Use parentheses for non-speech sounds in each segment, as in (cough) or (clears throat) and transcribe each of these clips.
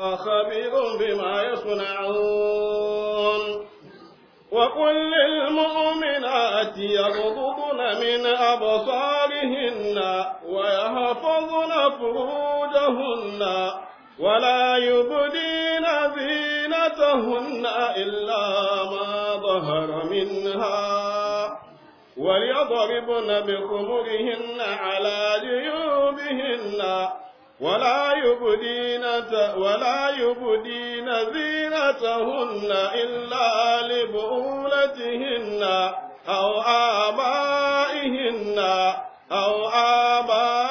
خبير بما يصنعون وقل للمؤمنات يغضضن من أبصارهن ويحفظن فروجهن ولا يبدين زينتهن إلا ما ظهر منها وليضربن بخمرهن على جيوبهن ولا يبدين ولا يبدين زينتهن إلا لبؤولتهن أو آبائهن أو آبائهن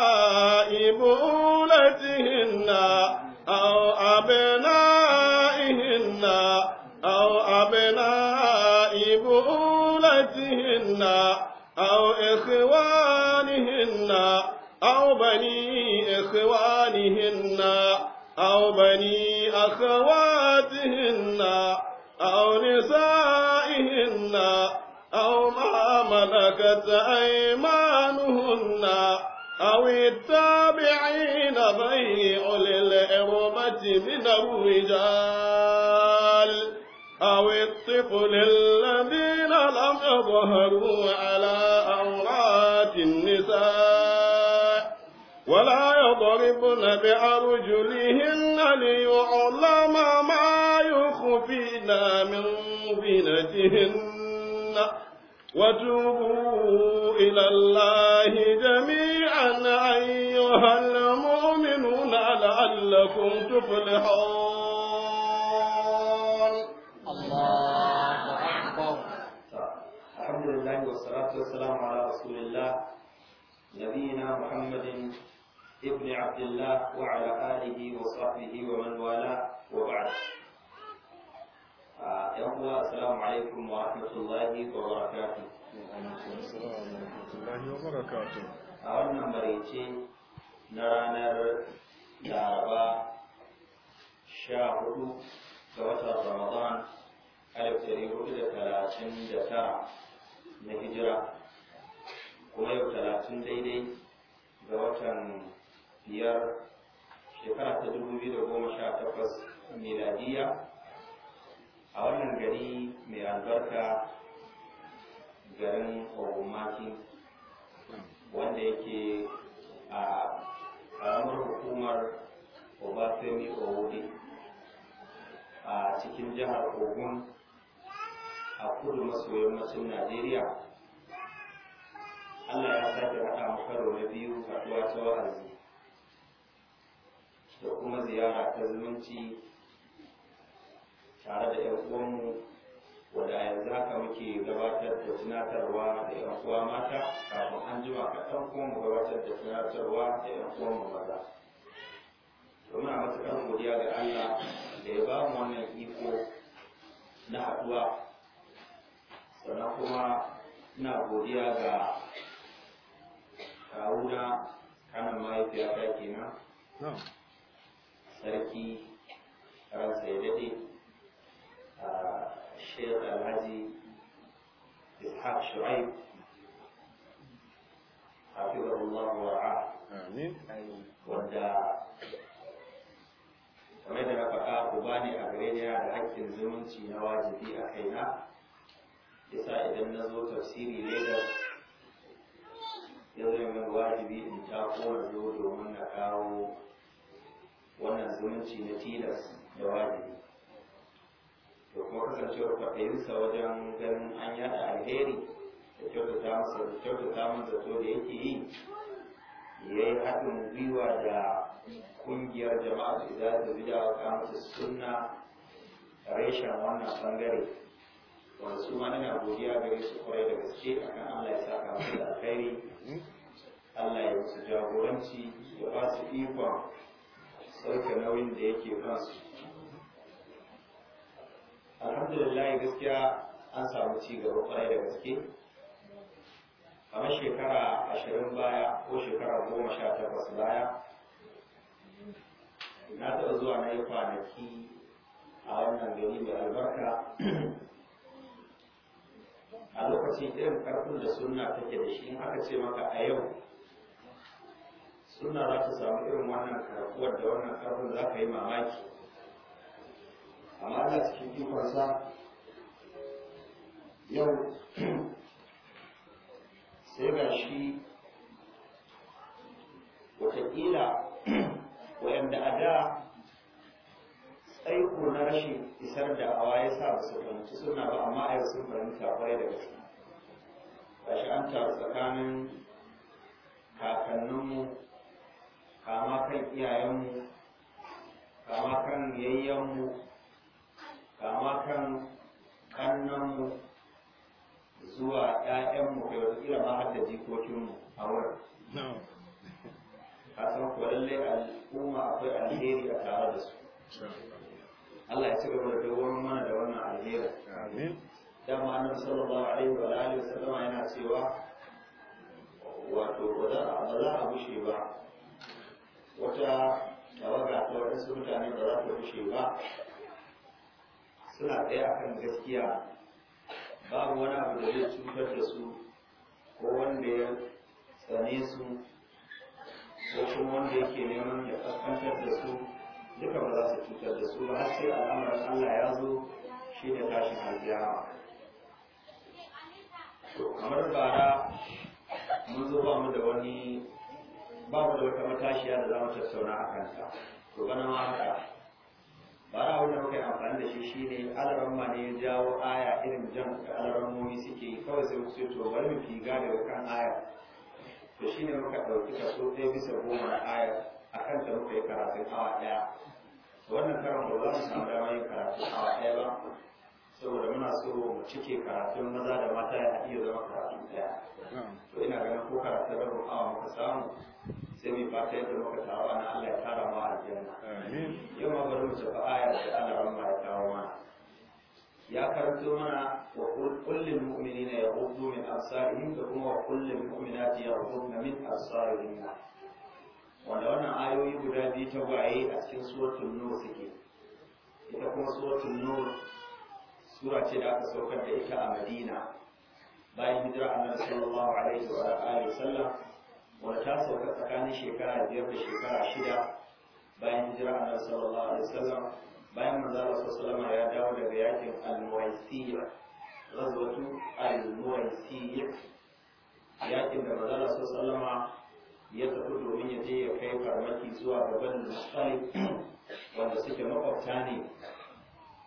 إخوانهن أو بني أخواتهن أو نسائهن أو ما ملكت أيمانهن أو التابعين بيع للإرمة من الرجال أو الطفل الذين لم يظهروا على يضربن بأرجلهن ليعلم ما يخفين من زينتهن وتوبوا إلى الله جميعا أيها المؤمنون لعلكم تفلحون الله أكبر الحمد لله والصلاة والسلام على رسول الله نبينا محمد ابن عبد الله وعلى آله وصحبه ومن والاه وبعد آه، يوم الله السلام عليكم ورحمة الله وبركاته السلام السلام ورحمة الله وبركاته لاربا شاهد رمضان ألف ثلاثين biyar shekara ta dubu biyu da goma sha takwas miladiya a wannan gari mai albarka garin ogunmaki wanda yake a ƙaramar hukumar obafemi owodi a cikin jihar ogun a kudu maso yammacin najeriya allah ya sake haɗa mu karo na biyu haɗuwa ta wa'azi da kuma ziyara ta zumunci tare da 'yan uwanmu wadda a yanzu haka muke gabatar da tunatarwa da 'yan uwa mata kafin an jima kaɗan kuma mu gabatar da tunatarwa da 'yan uwanmu maza domin a matuƙar godiya ga Allah da ya ba mu wannan iko na haɗuwa sannan kuma ina godiya ga kawuna kanan mahaifiyata kenan sarki ransa ya daɗe a shekh alhaji ishaq shu'aib hafizahullah wa ra'a wanda kamar da na faɗa uba ne a gare ni da hakkin zumunci na wajibi a kaina yasa idan na zo tafsiri lagos ya zai min wajibi in ta kowane zo domin na kawo wannan zumunci na tilas da wajibi da kuma kasancewar kwaɗayinsa wajen ganin an yada alheri da kyautata masa da kyautata min zato da yake yi ya yi haɗin gwiwa da ƙungiyar jama'a da za ta bi da kamata sunna reshen wannan bangare wanda su ma na godiya gare su kwarai da gaske akan Allah ya saka musu da alheri Allah ya musu jagoranci ya ba su ikon sauke nauyin da yake kansu alhamdulillah gaskiya an samu ci gaba kwarai da gaske kamar shekara ashirin baya ko shekara goma sha takwas baya na taɓa zuwa na yi kwanaki a wannan gari mai albarka a lokacin irin karfin da sunna take da shi in aka ce maka a yau suna za ta samu irin wannan karfuwar da wannan karfin za ka yi mamaki amma ana cikin ikonsa yau (clears throat) sai ga shi watakila wayanda a da tsaiko na rashin isar da awa ya sa ba su fahimci suna ba amma a yau sun fahimta kwarai da gaske ba shi an taru tsakanin kakanninmu kama kan iyayenmu kama kan yayyenmu kama kan kannanmu zuwa ‘ya'yanmu da wasu kila ma har jikokinmu a wurin kasan kuwa lallai al'umma akwai alheri a tare da su Allah ya ci gaba da dogon mana da wannan alheri ma annabi sallallahu alaihi wa alihi wa sallama yana cewa wato ba za a bushe ba wata tawaga ta waɗansu mutane ba za ta rushe ba suna tsaye kan gaskiya babu wani abu da zai cutar da su ko wanda ya tsane su ko kuma wanda yake neman ya kaskantar da su duka ba za su cutar da su ba har sai al'amarin Allah ya zo shi ne tashin alkiyama to kamar bara mun zo ba mu da wani ba mu da wata matashiya da za mu tattauna a kansa to bana ma haka na wanda muka yi amfani da shi shine ma ne ya jawo aya irin jan da alarammomi suke yi kawai sai mu ce to bari mu ga daga kan aya to shine muka ɗauki so ɗaya bisa goma na aya a kanta muka yi karatun awa ɗaya wannan karan ba za mu samu damar yin karatun awa ɗaya ba saboda muna so mu cike karatun maza da mata ya iya zama karatu daya to ina ganin ko karatun rabin awa muka samu sai mu fata yadda muka tawo ana Allah ya tara mu aljanna yau ma bari mu fa aya da Allah ran ma ya kawo mana ya karanto mana wa kullin mu'minina yaghuddu min absarihim da kuma wa kullin mu'minati yaghuddna min absarihim wanda wannan ayoyi guda biyu ta waye a cikin suratul nur suke ita kuma suratul nur sura ce da aka saukar da ita a madina bayan hijira annabi sallallahu alaihi wa alihi sallam wanda ta sauka tsakanin shekara biyar da shekara shida bayan hijira annabi sallallahu alaihi sallam bayan manzo Allah sallama ya dawo daga yakin al-Muwaisiyya ghazwatu al-Muwaisiyya yakin da manzo Allah sallama, ya tafi domin ya je ya kai farmaki zuwa gaban Mustalif wanda suke makwabta ne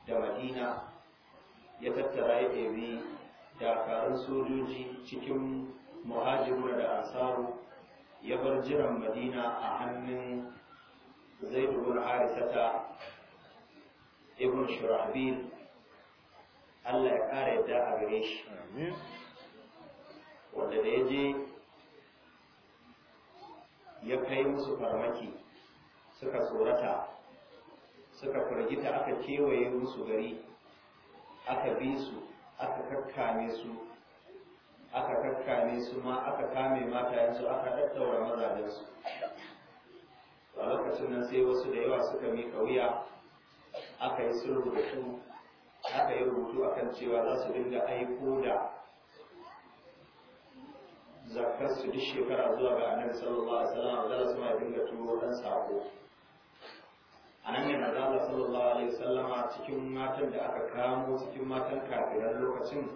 da Madina ya tattara ya ɗebi dakarun sojoji cikin muhajirun da asaru ya bar jiran madina a hannun zaid ibn harisata ibn shurahbil Allah ya ƙara yadda a gare shi wanda da ya je ya kai musu farmaki suka tsorata suka firgita aka kewaye musu gari aka bi su aka kakkame su aka kakkame su ma aka kame mata matayensu aka daddaura mazajensu a lokacin nan sai wasu da yawa suka miƙa wuya aka yi sun rubutu aka yi rubutu akan cewa za su dinga aiko da zakar su duk shekara zuwa ga annabi sallallahu alaihi wasallam da su ma dinga turo dan sako a nan ne manzala sallallahu alaihi wasallama cikin matan da aka kamo cikin matan kafiran lokacin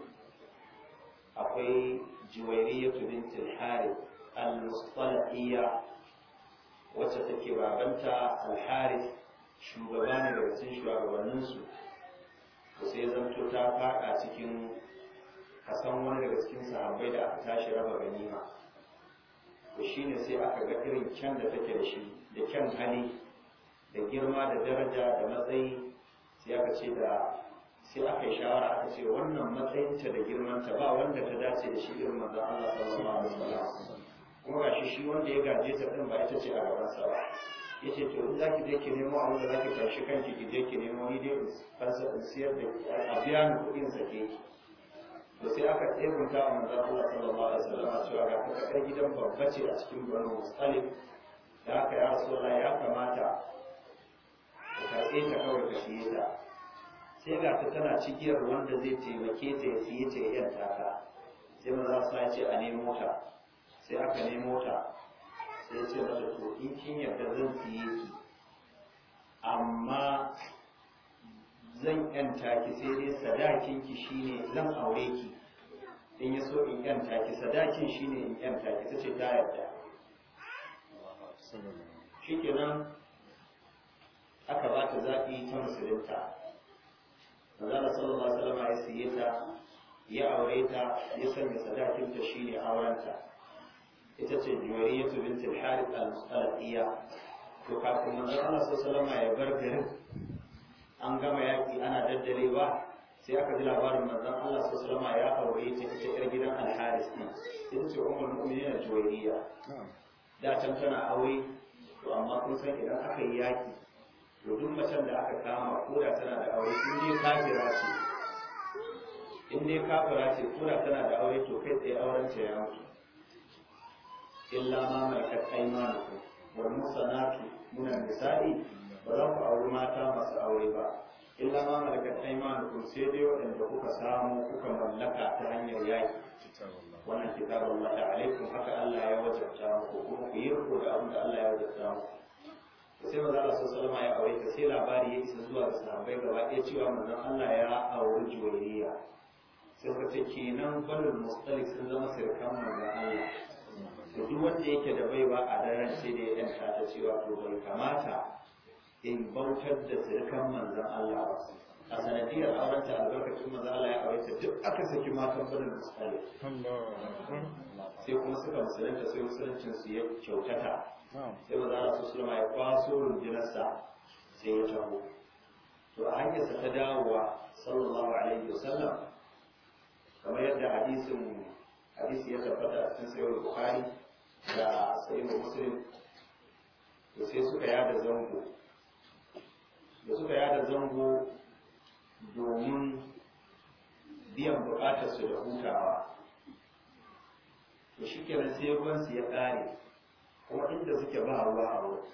akwai juwairiyya bintul harith al-mustalaqiyya wacce take babanta al-harith shugaba ne daga cikin shugabanninsu to sai zanto ta faɗa cikin kasan wani daga cikin sahabbai da aka tashi raba ganima to shine sai aka ga irin kyan da take da shi da kyan hali da girma da daraja da matsayi sai aka ce da sai aka yi shawara aka ce wannan matsayinta da girmanta ba wanda ta dace da shi irin manzon Allah sallallahu alaihi wasallam kuma gashi shi wanda ya gaje ta din ba ita ce a gaban sa ba yace to in zaki je ki nemo abin da zaki tashi kanki ki je ki nemo ni dai fasa in siyar da a biya ni kuɗin sake ki to sai aka tsebunta a manzon Allah sallallahu alaihi wasallam cewa ga kai gidan babba ce a cikin Banu Mustalib da aka ya Rasulullah ya kamata ka karɓe ta kawai ka siye ta sai ga ta tana cikiyar wanda zai taimake ta ya siye ta ya yanta ta sai maza sa ce a nemo ta sai aka nemo ta sai ce mata to in kin yarda zan siye ki amma zan 'yan taki, sai dai sadakin ki shine zan aure ki in ya so in 'yan taki? sadakin shine in 'yan taki, ta ce ta yarda shikenan aka ba ta zaɓi ta musulunta manzala sallallahu alaihi wasallam ya siye ta ya aure ta ya sanya sadakin ta ne aurenta ita ce juwariyatu bint al-harith al-mustalqiya to kafin manzon Allah sallallahu alaihi ya bar garin an gama yaƙi, ana daddalewa sai aka ji labarin manzon Allah sallallahu alaihi ya aure ta ita yar gidan al-harith din ita ce ummul mu'minin juwariya da can tana aure to amma kun san idan aka yi yaƙi. Duk macen da aka kama ko da tana da aure in dai kafira ce in dai kafira ce ko da tana da aure to kai tsaye auren ta ya mutu illa ma malakat aymanukum wal musanatu muna an ba za ku auri mata masu aure ba illa ma aimanu ko sai dai waɗanda kuka samu kuka mallaka ta hanyar yaki wannan kitabun mata alaikum haka Allah ya wajabta muku kuma ku yi da abin da Allah ya wajabta muku sai maza Allah sallallahu ya aure ta sai labari ya isa zuwa da sahabbai gaba ɗaya cewa manzon Allah ya auri juwayriya sai suka ce kenan banul mustalik sun zama sirkan manzon Allah da duk wanda yake da baiwa a daren sai da ya yanka ta cewa to bai kamata in bautar da sirkan manzon Allah ba a sanadiyar aurenta albarkacin maza Allah ya aure ta duk aka saki matan banul mustalik sai kuma suka musulunta sai musuluncin ya kyautata sai maza Allah sallallahu alaihi ya kwaso rundunarsa sai ya taho to a hanyarsa ta dawowa sallallahu alaihi wasallam kamar yadda hadisin hadisi ya tabbata a cikin sayyid bukhari da sayyid muslim to sai suka yada zango da suka yada zango domin biyan bukatar su da hutawa to shikenan sai gwansu ya kare kuma inda suke ba ruwa a wurin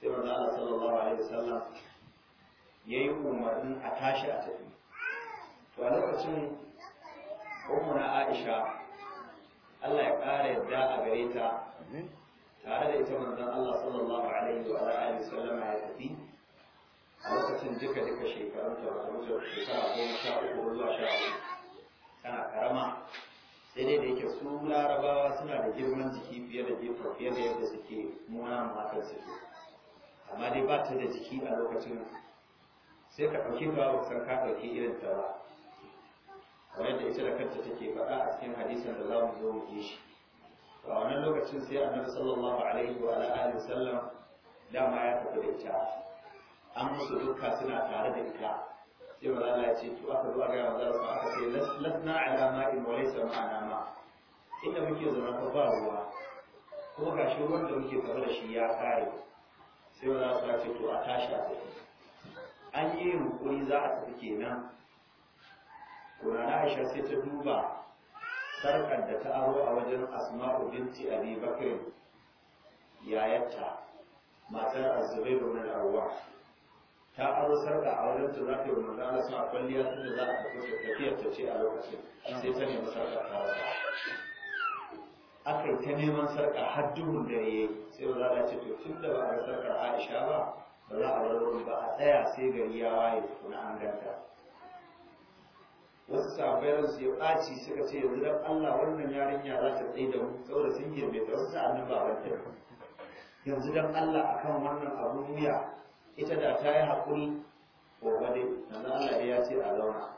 sai manzo Allah sallallahu alaihi wasallam yi umarnin a tashi a tafi to a lokacin ummuna Aisha Allah ya kara yadda a gare ta tare da ita manzon Allah sallallahu alaihi wa alihi wasallam ya tafi a lokacin duka duka shekarun ta ba ta wuce shekara goma sha uku zuwa sha tana karama sai dai da yake su larabawa suna da girman jiki fiye da gefe fiye da yadda suke muna matan suke amma dai ba ta da jiki a lokacin sai ka ɗauki ta ba san ka ɗauki irin ta ba kamar da ita da kanta take faɗa a cikin hadisin da za mu zo mu ji shi a wannan lokacin sai annabi sallallahu alaihi wa alihi sallam dama ya tafi da ita an musu duka suna tare da ita sai ba za a ce to aka zo a ga maza su aka ce lasna ala ma'in wa laysa ma'ana inda muke zama ba ba ruwa ko ga shi ruwan da muke tare da shi ya kare sai wani asuwa ce to a tashi a tafi an yi yunkuri za a tafi kenan kurana aisha sai ta duba sarkar da ta aro a wajen asma'u binti abi bakr yayarta matar azubai bin arwa ta aro sarka a wajen ta zafi wa manzo Allah sa kwalliya tunda za a tafi tafiyar ta ce a lokacin sai ta nemi sarka ta aka yi ta neman sarka har duhun dare ya sai wanda ya ce to tun da ba a sarkar aisha ba ba za a bar ba a tsaya sai gari ya waye kuna an ganta wasu sabayyar su ya ɓaci suka ce yanzu dan Allah wannan yarinya za ta tsaye da mu saboda sun girme ta wasu nan ba ban yanzu dan Allah akan wannan abun wuya ita da ta yi haƙuri gobe dai yanzu Allah ya ce a zauna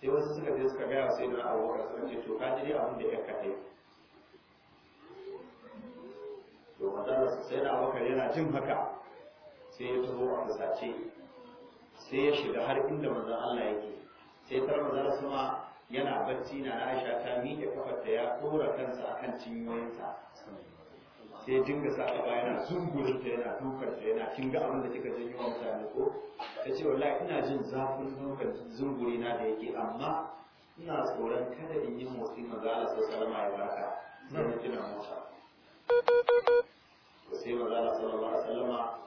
sai wasu suka je suka gaya sai da abubakar suka ce to ka ji da ya sai na abakar yana jin haka sai ya taho a fusace sai ya shiga har inda manzon Allah yake sai tar manzon sama yana bacci na Aisha ta miƙe kafarta ya kora kansa akan cinyoyinsa sai dinga sa gaba yana zungurin ta yana dukan ta yana kin abin da kika janyo wa mutane ko ta ce wallahi ina jin zafin dukan zunguri na da yake amma ina tsoron kada in yi motsi maza Allah sallallahu alaihi ya baka sai na tuna masa sai magana sallallahu alaihi wasallama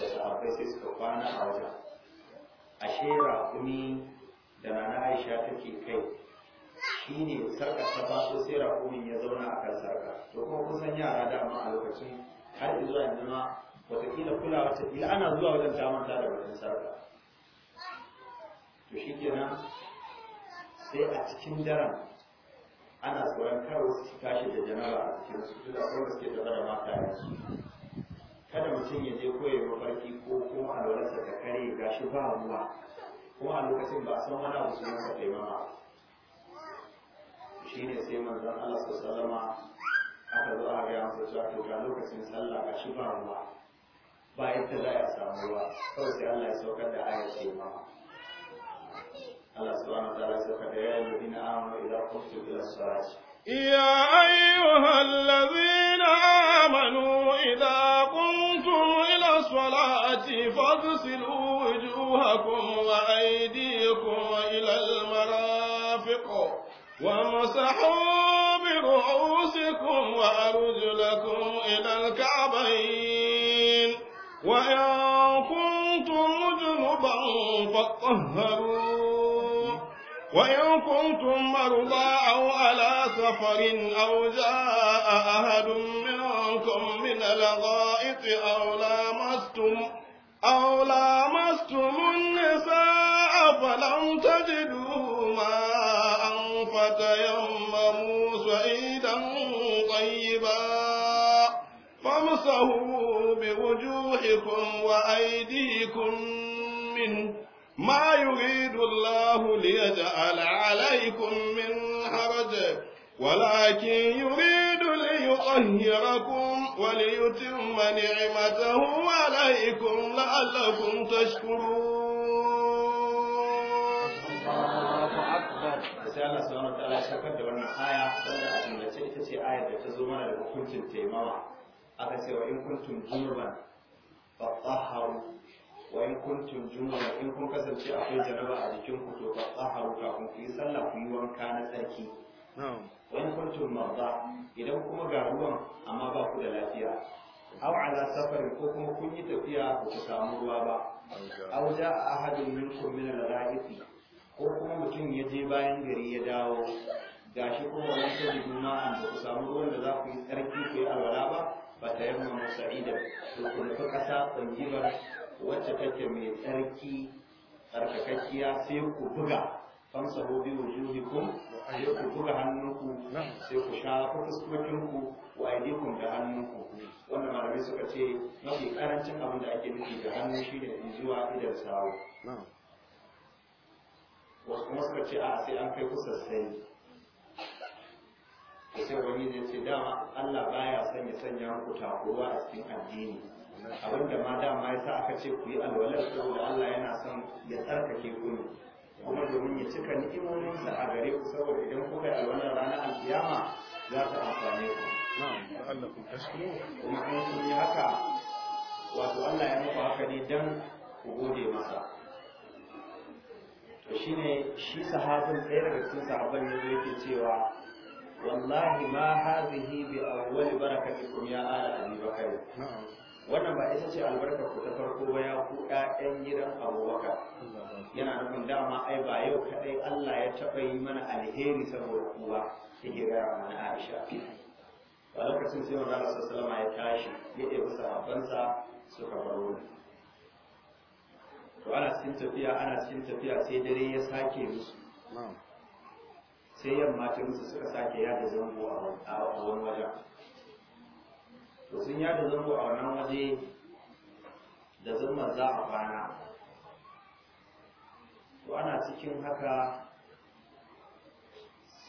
da sahabbai sai suka kwana a wajen ashe raƙumi da nana aisha take kai shine sarka ta faso sai raƙumin ya zauna a kan sarka to kuma kusan yara dama a lokacin har izuwa yanzu ma wataƙila kulawa ta ila ana zuwa wajen damanta da wajen sarka to shi kenan sai a cikin daren ana tsoron kar su tashi da janara a cikin su tunda kuma suke tafa da mata su kada mutum ya je koyi mafarki ko kuma alwararsa ta kare gashi ba ruwa kuma a lokacin ba san wani abu sun ka taimama shine sai manzon Allah Salama aka zo a ga masa cewa ga lokacin sallah a ba ruwa ba yadda za a samu ruwa kawai sai Allah ya saukar da ayar taimama إذا قمتم إلى الصلاة يا أيها الذين آمنوا إذا قمتم إلى الصلاة فاغسلوا وجوهكم وأيديكم إلى المرافق وامسحوا برؤوسكم وأرجلكم إلى الكعبين وإن كنتم جنبا فاطهروا وإن كنتم مرضى أو على سفر أو جاء أحد منكم من الغائط أو لامستم أو لامستم النساء فلم تجدوا ماء فتيمموا سعيدا طيبا فامسحوا بوجوهكم وأيديكم منه ما يريد الله ليجعل عليكم من حرج ولكن يريد ليطهركم وليتم نعمته عليكم لعلكم تشكرون الله أكبر sai Allah subhanahu wataala ya shakar da wannan aya wanda a jumlace ita ce ayar da ta zo mana da hukuncin taimawa aka ce wa in kuntum junuban fatahharu Wani in kuntum in kun kasance akwai jaraba a jikin ku to fa tsaharu kafin ku yi sallah ku yi wanka na tsarki Wani in kuntum idan kuma ga ruwan amma ba ku da lafiya aw ala safarin ko kuma kun yi tafiya ba ku samu ruwa ba aw ja ahadun minkum min al-ghaibi ko kuma mutum ya je bayan gari ya dawo gashi kuma wani sai juna an ku samu ruwan da za ku yi tsarki ku yi alwala ba ba ta yamma musa'ida to ku nufi ƙasa tsangibar wacce take mai tsarki tsarkakakkiya sai ku buga fansahu bi wujuhikum sai ku buga hannunku sai ku shafa fuskokinku wa aydikum da hannunku wannan malamai suka ce mafi karancin abin da ake nufi da hannu shine zuwa idan sawo wasu kuma suka ce a sai an kai kusa sai sai wani zai ce dama Allah baya sanya sanya ku takuwa a cikin addini abin da ma dama ya sa aka ce ku yi alwalar saboda Allah yana son ya tsarkake ku ne kuma domin ya cika ni'imominsa a gare ku saboda idan kuka yi alwalar ranar alkiyama za ta amfane ku kuma an kun yi haka wato Allah ya muku haka ne dan ku gode masa to shine shi sahabin ɗaya daga cikin sahabban ne yake cewa wallahi ma hazihi bi awwal barakatikum ya ala abi bakr wannan ba isa ce albarkar ku ta farko ba ya ku ɗayan gidan abubakar yana nufin dama ai ba yau kaɗai Allah ya taɓa yi mana alheri saboda kuwa ta gira mana Aisha a lokacin sai wanda Allah sallama ya tashi ya ɗebi sahabbansa suka baro ni to ana cikin tafiya ana cikin tafiya sai dare ya sake musu sai yamma ta musu suka sake yada zango a wani wajen sun da zango a wannan waje da zama za a bana, to ana cikin haka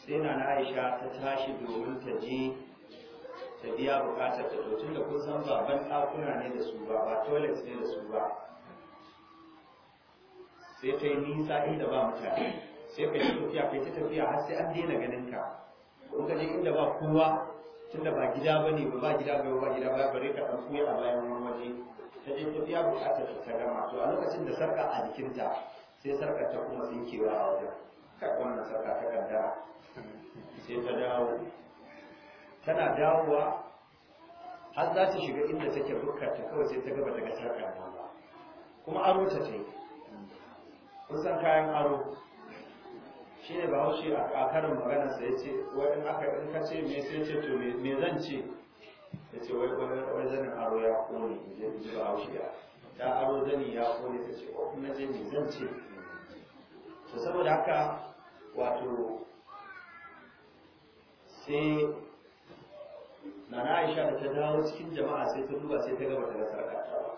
sai na aisha ta tashi domin ta je ta biya bukatar ta tun da kun san baban ɗakuna ne da su ba ba toilet ne da su ba sai ta yi nisa inda ba mutane sai ka yi tafiya kai ta tafiya har sai an daina ganin ka kun ka je inda ba kowa tunda ba gida ba ne ba gida ba ba gida ba bare ka ɗauki a bayan wani waje ta je ta biya buƙatar ta gama to a lokacin da sarka a jikinta sai sarka ta kuma tsinkewa a wajen ka wannan sarka ta kaddara sai ta dawo tana dawowa har za ta shiga inda take bukarta kawai sai ta gaba daga sarƙar ba kuma aro ta ta yi kusan kayan aro shi ne bahaushe a karin magana sai ce wai aka in ka ce me sai ce to me zan ce ya ce wai wai zanin aro ya kone je ji bahaushe ya ta aro zani ya kone ta ce ko na je me zan ce to saboda haka wato sai na aisha da ta dawo cikin jama'a sai ta duba sai ta gaba ta ga sarƙata ba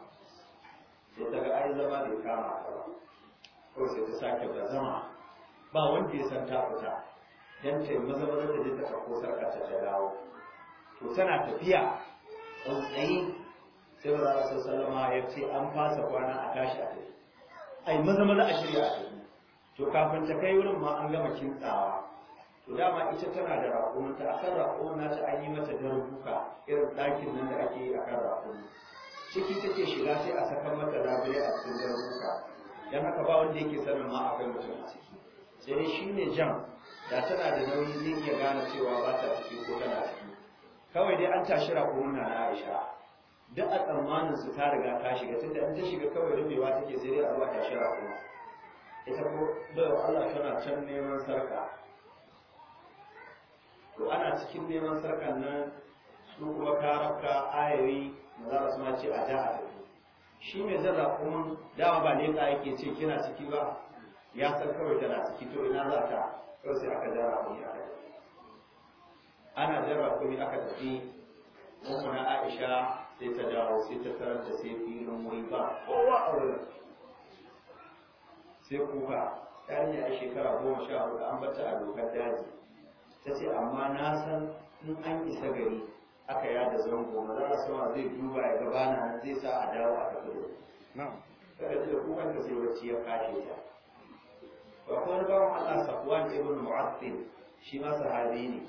sai ta ga ai zama bai kama ta ba ko sai ta sake ta zama ba wanda ya san ta fita dan ta maza maza ta ta ɗauko sarka ta dawo to tana tafiya tsayi sai za sallama ya ce an fasa kwana a tashi a tafi ai maza maza a shirya a kai to kafin ta kai wurin ma an gama kintsawa to dama ita tana da raƙumin ta akan na ta an yi mata darbuka irin ɗakin nan da ake yi akan raƙumin ciki take shiga sai a saka mata labule a cikin darbuka dan haka ba wanda yake sanin ma akan mutum a ciki sai dai shi ne jan da tana da nauyi zai iya gane cewa ba ta ciki ko tana ciki kawai dai an tashi ko na aisha duk a tsammanin su ta riga ta shiga tunda in ta shiga kawai rubewa take sai dai a zuwa tashi ko ita ko bayan Allah tana can neman sarka to ana cikin neman sarkan nan su kuma karafka ayoyi za su ma ce a da a shi mai zan kuma dama ba ne ka yake ce kina ciki ba ya san kawai tana ciki to ina za ta kawai sai aka jara kuni aka tafi ana jara kuni aka tafi na aisha sai ta dawo sai ta tarar da sai filin wai ba kowa a wurin sai kuka yarinya ya shekara goma sha hudu an bata a dokar daji ta ce amma na san in an isa gari aka yada zango maza a sama zai duba ya gabana zai sa a dawo a tafi da kada ta kukan sai wacce ya kashe ta ba kuma wani bawan Allah Safwan ibn Mu'attil shi ma sahabi ne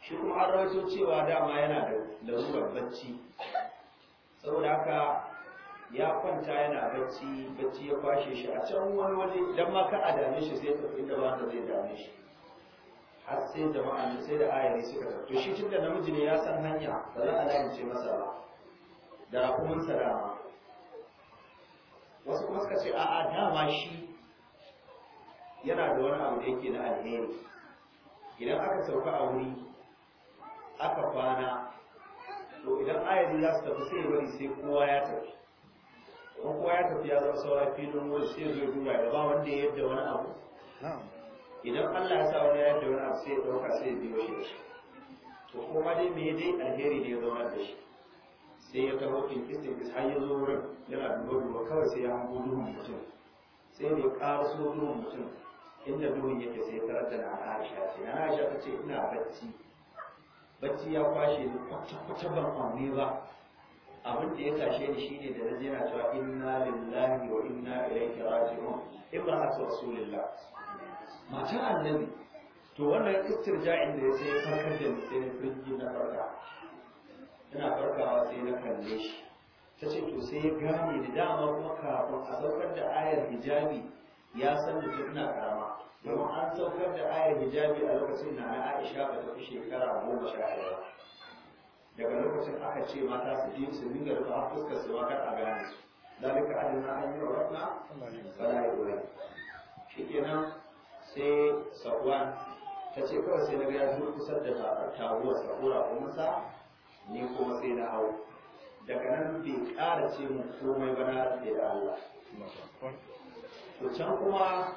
shi kuma an rawaito cewa dama yana da larurar bacci saboda haka ya kwanta yana bacci bacci ya kwashe shi a can wani waje dan ma ka a dame shi sai tafi inda ba zai dame shi har sai jama'a ne sai da ayari suka tafi shi tun da namiji ne ya san hanya ba za a lalace masa ba da kuma sarama wasu kuma suka ce a'a dama shi yana da wani abu da yake na alheri idan aka sauka a wuri aka kwana to idan ayari za su tafi sai bari sai kowa ya tafi kuma kowa ya tafi ya zama saura filin wani sai zai duba da ba wanda ya yadda wani abu idan Allah ya sa wani ya yadda wani abu sai ya ɗauka sai ya biyo shi to kuma dai me dai alheri ne ya zama da shi sai ya taho kinkistin kis har ya zo wurin yana duba kawai sai ya hango duhun mutum sai ne ƙaraso duhun mutum inda duhun yake sai tarar da na Aisha Sai na Aisha ta ce ina bacci bacci ya kwashe ni kwata kwata ban amme ba abin da ya tashe ni shine da naje na cewa inna lillahi wa inna ilaihi raji'un ibrahatu rasulillah matar annabi to wannan istirja'in da ya sai ya farkar da ni sai na firgi na farka ina farkawa sai na kalle shi ta ce to sai ya gane da dama kuma kafin a saukar da ayar hijabi ya san da ina karama domin an saukar da ayar hijabi a lokacin na na Aisha ba ta fi shekara goma sha ɗaya daga lokacin aka ce mata su ji su dinga rufa fuskar su wakar a gane su zalika adana an yi rauna fala ya ɗora shikenan sai safwan ta ce kawai sai na ga ya zo kusa da taguwar sakura kuma sa ni kuma sai na hau daga nan bai ƙara ce mun komai ba na da Allah to can kuma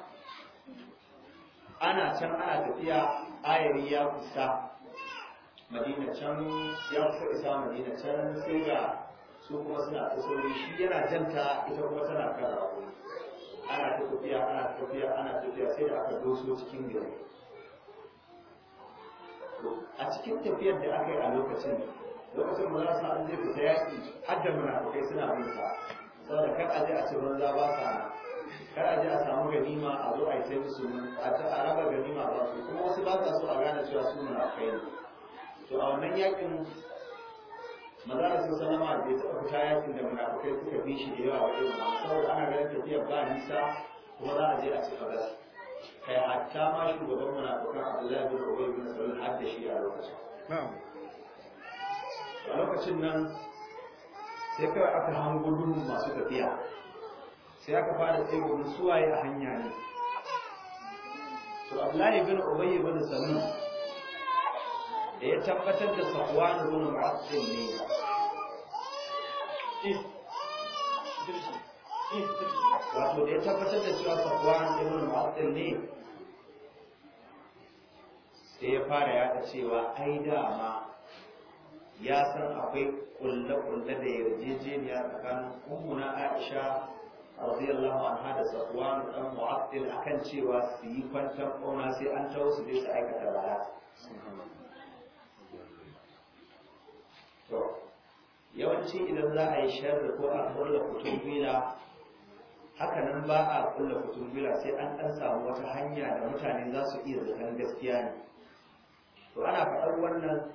ana can ana tafiya ayari ya kusa madina can ya kusa isa madina can sai ga su kuma suna ta sauri shi yana janta ita kuma tana kan ana ta tafiya ana ta tafiya ana ta tafiya sai da aka doso cikin gari a cikin tafiyar da aka yi a lokacin lokacin ba za su an zai fita yaƙi har da kai suna bin sa saboda kar a je a ce banza ba sa kar a je samu ganima a zo a yi musu a raba ganima ba su kuma wasu ba sa a gane cewa su na kai to a wannan yakin maza su salama bai taɓa fita yakin da munafukai suka bi shi da yawa wajen saboda ana ganin tafiya ba nisa kuma za a je a ci gaba kai hatta ma shugaban munafukan Abdullahi bin Ubay bin Salul har da shi a lokacin a lokacin nan sai kawai aka hango gudun masu tafiya sai aka fara tsaye wani suwaye a hanya ne to Abdullahi bin Ubayy bin Salul da ya tabbatar da Safwan bin Mu'attil ne wato da ya tabbatar da cewa Safwan bin Mu'attil ne sai ya fara yaɗa cewa ai dama ya san akwai kulle-kulle da yarjejeniya tsakanin na Aisha radiyallahu anha da safwan dan a kan cewa su yi kwantar kona sai an tawo su su aikata bala to yawanci idan za a yi da ko a kulla kutubila haka nan ba a kulla kutubila sai an dan samu wata hanya da mutane za su iya zaton gaskiya ne to ana faɗar wannan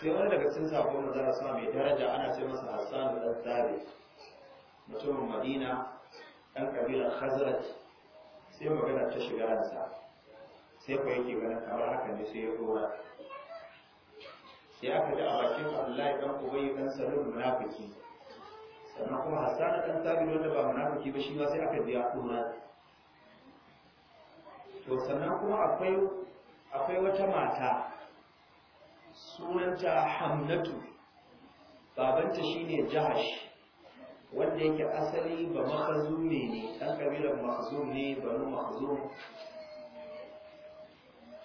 sai wani daga cikin sabon maza suna mai daraja ana ce masa hassan da tsari mutumin madina ɗan ƙabilar hazrat sai magana ta shiga ransa sai ku yake ganin kamar haka ne sai ya koma sai aka ji a bakin abdullahi ɗan ubayi ɗan salon munafiki sannan kuma hassan ɗan sabir wanda ba munafiki ba shi ma sai aka biya kuma to sannan kuma akwai akwai wata mata sunanta hamnatu babanta shine jahash wanda yake asali ba makazumi ne ɗan kabilar makazum ne banu makazum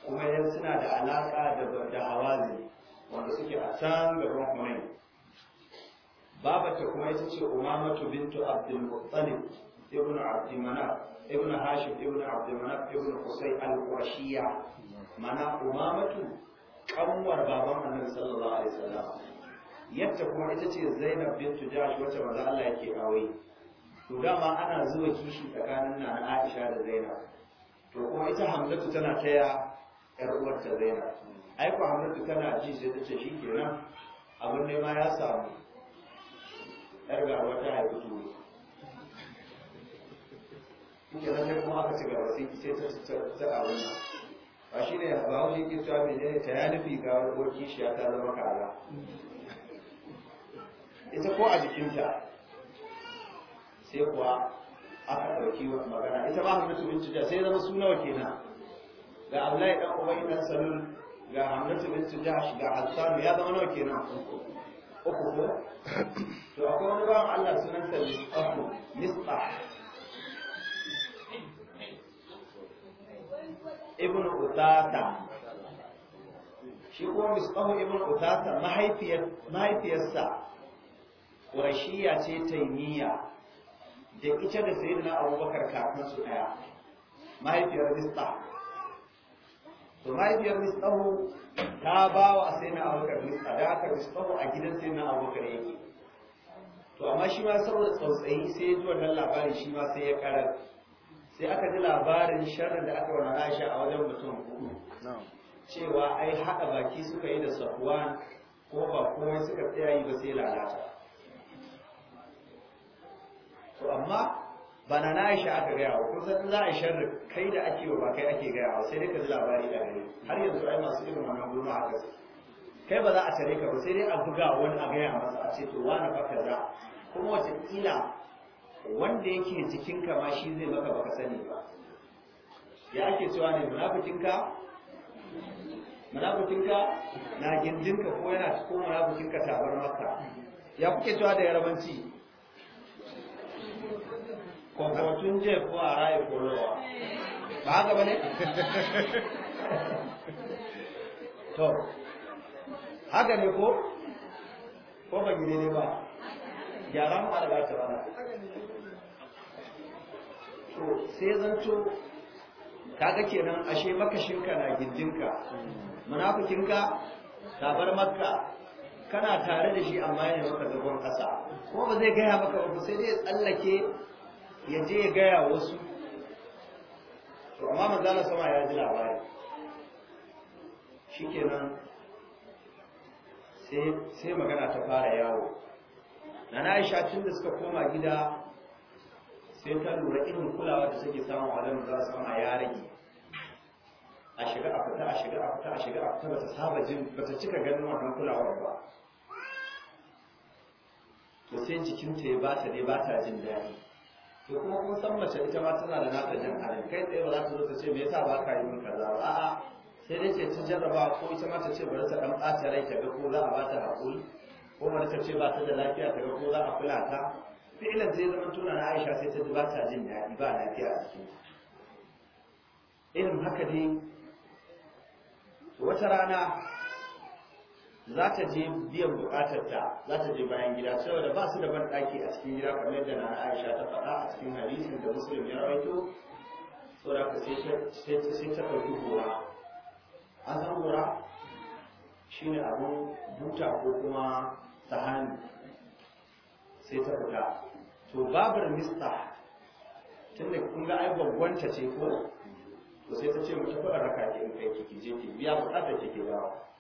kuma yan suna da alaƙa da hawazi wanda suke a can gaban hunain babata kuma ita ce umamatu bintu abdul muttalib ibnu abdul manaf ibn hashim ibnu abdul manaf ibn qusay al qurashiyya mana umamatu kanwar baban annabi sallallahu alaihi wasallam yadda kuma ita ce Zainab bintu Jahsh wacce maza Allah yake aure to dama ana zuwa kishi tsakanin na Aisha da Zainab to kuma ita Hamzatu tana taya yar uwarta Zainab ai ko Hamzatu tana ji sai ta ce shikenan abin ne ma ya samu yar ga wata haifi turu kuke nan kuma aka ci gaba sai sai ta ta ta nan ba shine ba wani ke cewa menene ta ya nufi ga uwar kishiya ta zama kaza ita ko a jikinta sai kuwa aka ɗauki wata magana ita ba hamdatu bincika sai zama su nawa kenan ga Abdullahi dan Ubay dan Salul ga hamdatu bincika ga Hassan ya zama nawa kenan uku ko to akwai wani ba Allah sunan ta Misbah misqa ibnu Utata shi kuma Misbah ibnu Utata mahaifiyar mahaifiyarsa ƙurashiya ce taimiyya da ita da sai na abubakar kafin su ɗaya mahaifiyar mista to mahaifiyar Hu ta ba wa sai na abubakar mista da aka hu a gidan sai na abubakar yake to amma shi ma saboda tsautsayi sai ya ji wannan labarin shi ma sai ya karar sai aka ji labarin sharrin da aka wani rasha a wajen mutum hudu cewa ai haɗa baki suka yi da safuwan ko ba komai suka tsaya yi ba sai lalata to amma bana na Aisha aka gaya wa kusan za a sharri kai da ake wa ba kai ake gaya wa sai dai ka ji labari da gari har yanzu ai masu irin wannan gurma haka su kai ba za a tare ka ba sai dai a buga wani a gaya masa a ce to wani fa kaza kuma wata kila wanda yake jikin ka ma shi zai maka baka sani ba ya ake cewa ne munafikin ka munafikin ka na gindin ka ko yana cikin munafikin ka tabar maka ya kuke cewa da yarabanci kokotun je ko a raye ba haka (laughs) to ko ko ba ba to sai zanto kaga kenan ashe makashinka na gindinka munafikinka tabar makka kana tare da shi amma yana maka zagon ƙasa. kuma ba zai gaya maka ba sai dai tsallake ya je ya gaya wasu to amma manzala sama ya ji labari shikenan sai sai magana ta fara yawo Na Aisha tun da suka koma gida sai ta lura irin kulawa da suke samu a wajen manzala sama ya rage a shiga a fita a shiga a fita a shiga a fita ba ta saba jin ba ta cika ganin wannan kulawar ba to sai jikinta ya ta ne ba ta jin daɗi to kuma kun san mace ita ma tana da nata jan kai tsaye ba za ta zo ta ce me yasa ba ka yi min kaza ba a'a sai dai ce ta jarraba ko ita ma ta ce bari ta dan ɓata rai ta ga ko za a ba ta haƙuri ko bari ta ce ba ta da lafiya ta ga ko za a kula ta fi'ilan zai zama tuna na Aisha sai ta ji ba ta jin daɗi ba lafiya a cikin irin haka dai wata rana za ta je biyan bukatarta za ta je bayan gida saboda ba su da ban a cikin gida kamar yadda na Aisha ta faɗa a cikin hadisin da Muslim ya rawaito saboda ka sai ta ɗauki gora an gora shine abun buta ko kuma sahani sai ta fita to babar mista tunda kun ga ai ce ko to sai ta ce mu tafi a raka ki in kai kiki je ki biya bukatar ki ke dawo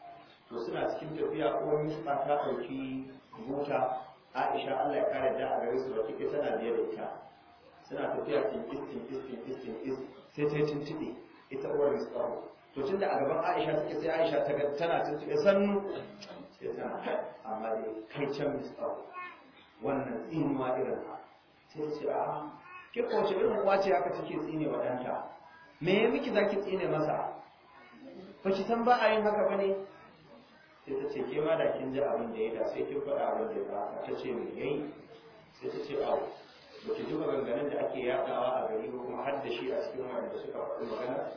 to suna cikin tafiya ko wani suka ta ɗauki mota aisha allah ya kare da a gare su wata ke tana biye da ita suna tafiya tinkis tinkis tinkis tinkis sai ta yi tuntuɓe ita uwar misƙaru to tunda a gaban aisha suke sai aisha ta ga tana tuntuɓe sannu sai ta amma dai kai can misƙaru wannan tsinuwa irin ha sai ce a ke kwace irin kwace haka take tsine wa ɗanta me ya miki za ki tsine masa ba ki san ba a yin haka ba ne sai ta ce ke ma da kin ji abin da ya da sai kin faɗa abin da ya ta ce me yayi sai ta ce au ba ki ji maganganun da ake yaɗawa a gari ko kuma har da shi a cikin wanda suka faɗi magana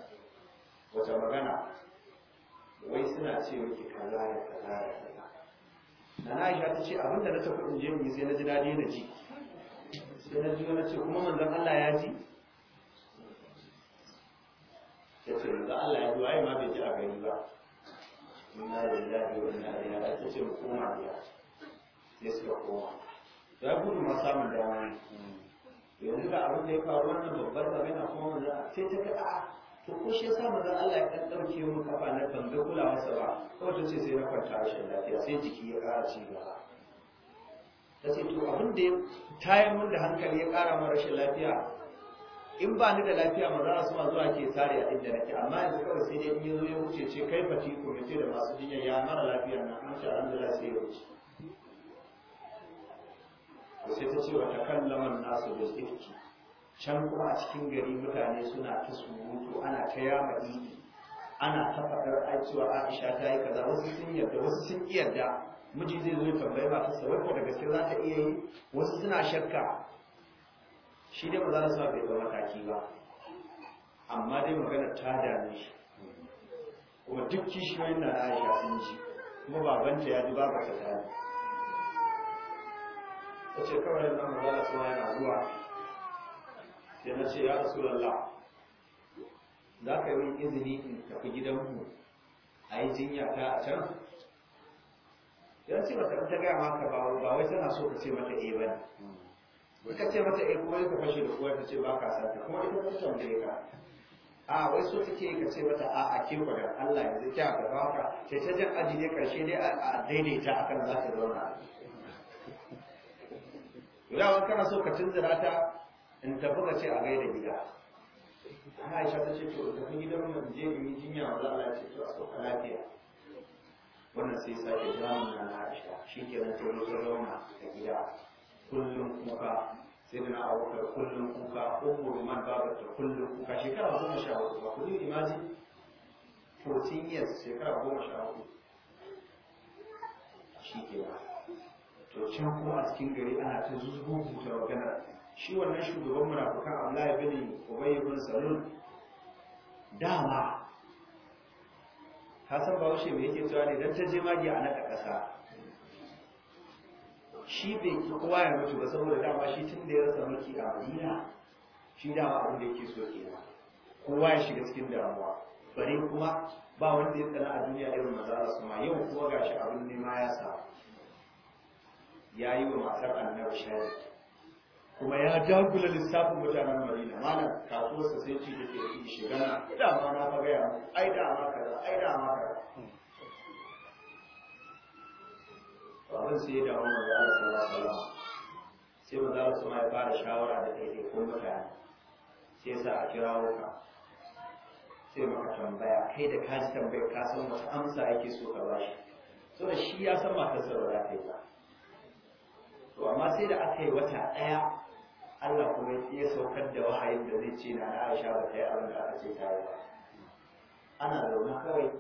wata magana wai suna ce miki kaza da kaza da kaza na na aisha ta ce abin da na tafi in je mu sai na ji daɗi na ji sai na ji na ce kuma manzon Allah ya ji Ta ce manzon Allah ya ji waye ma bai ji a gari ba inna lillahi wa inna ilaihi raji'un ta ce mu koma gida sai suka koma ya gudu ma samun dama ne yanzu da abin da ya faru wannan babbar na kuma wanda sai ta kada to ko shi yasa manzo Allah ya dauke mu kafa na ban ga kula masa ba kawai ta ce sai na kwanta rashin lafiya sai jiki ya ƙara ci gaba ta ce to abin da ya tayar mun da hankali ya ƙara mun rashin lafiya in ba ni da lafiya ba za a suma zuwa ke tare a inda nake amma yanzu kawai sai dai in ya zo ya wuce ce kai fati komite da masu jinya ya mara lafiya na an sha sai ya wuce sai ta ce wa ta laman nasu da tsirki can kuma a cikin gari mutane suna ta surutu ana ta yama ibi ana ta faɗar aicewa aisha ta yi kaza wasu sun yarda wasu sun iya da miji zai zo ya tambayi matarsa wai ko da gaske za ta iya yi wasu suna shakka shi dai maza sa bai zama kaki ba amma dai magana ta dame shi kuma duk kishiyoyin na aisha sun ji kuma babanta ya ji babarsa ta ta ce kawai nan magana su yana zuwa sai na ce ya lalla za ka yi izini in tafi gidanmu a yi jinya ta a can yan ce mata ta gaya maka ba wai tana so ka ce mata eh ba ne ka ce mata eh kuma ka fashe da kuwa ta ce ba ka sati kuma ita ta tambaye ka a wai so take ka ce mata a a ke gwada Allah ya zai kya gaba ka sai ta jan aji ne karshe dai a daidaita akan za ta zauna Yawan kana so ka tunzura ta in tafi ka ce a gaida gida ana aisha ta ce to ta fi gidan mu je in yi jinya wa Allah ya ce to a ka lafiya wannan sai sake jira mun na aisha shikenan sai mun zauna a gida kullum kuka sai da na abubakar kullum kuka ko man babar da kullum kuka shekara goma sha hudu ba kullum imaji 14 years shekara goma sha hudu shi ke ba to can kuma a cikin gari ana ta zuzubu ta maganar shi wannan shugaban munafukan Abdullahi bin Ubay ibn Salul dama ka san ba wuce me yake cewa ne dan ta je magi a naka kasa shi bai ki kowa ya mutu ba saboda dama shi tun da ya rasa ki a Madina shi dama abin da yake so ba kowa ya shiga cikin damuwa bare kuma ba wanda ya tsana a duniya irin maza su ma yau kuma gashi abin nema ya sa ya yi wa matar annabi shayar kuma ya dagula lissafin mutanen Madina malam kasuwarsa sai ce da ke shiga na dama ma na fa gaya ai da kaza ai da kaza abin sai da wani magana sallallahu alaihi wasallam sai manzo su ma ya fara shawara da kai ko mutane sai sa a kira wuka sai maka tambaya kai da ka tambayar ka san wata amsa yake so ka bashi so da shi ya san matar ta kai ba to amma sai da aka yi wata ɗaya Allah kuma ya saukar da wahayin da zai ce na Aisha ba ta yi abin da aka ce ta yi ba ana wani kawai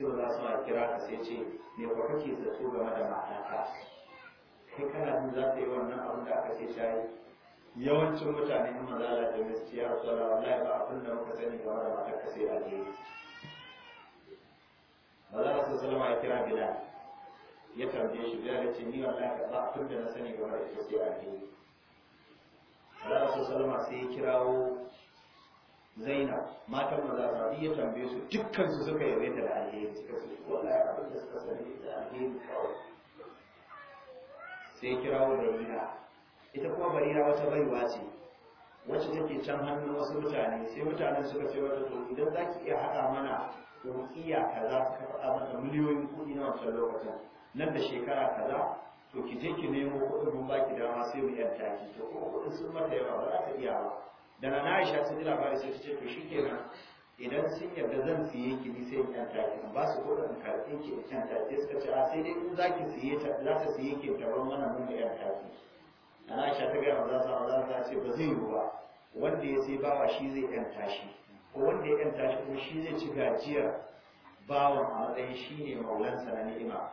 sai ba za su ma kira ka sai ce ne ba kake zato game da matata kai kana jin za ta yi wannan abin da aka ce shayi yawancin mutane in mazala da gaskiya sallah wallahi ba abin da muka sani game da matar ka sai Ba maza su salama ya kira bilal ya tambaye shi bilal ya ce ni wallahi ka ba abin da na sani game da ita sai alheri maza su salama sai ya kirawo zainab matan maza su ya tambaye su dukkan su suka yi da alheri suka abin da suka sani da alheri sai kirawo barira ita kuma barira wata baiwa ce wacce take can hannun wasu mutane sai mutanen suka ce wata to idan za ki iya haɗa mana rukiya kaza suka faɗa mata miliyoyin kuɗi na wancan lokacin nan da shekara kaza to ki je ki nemo kuɗin mun baki dama sai mu yanta ki to ko kuɗin sun mata yawa ba za ta iya ba da na Aisha sun ji labari sai su ce to shi kenan idan sun yarda zan siye ki ni sai in take in ba su kuɗin in karɓe ki in kan take suka ce a sai dai in za ki siye ta za ka siye ki ta ban mana mun da yan take na Aisha ta ga maza sa maza ta ce ba zai yi ba wanda ya sai bawa shi zai yan tashi ko wanda ya yan tashi kuma shi zai ci gajiyar bawan a matsayin shi ne maulansa na ni'ima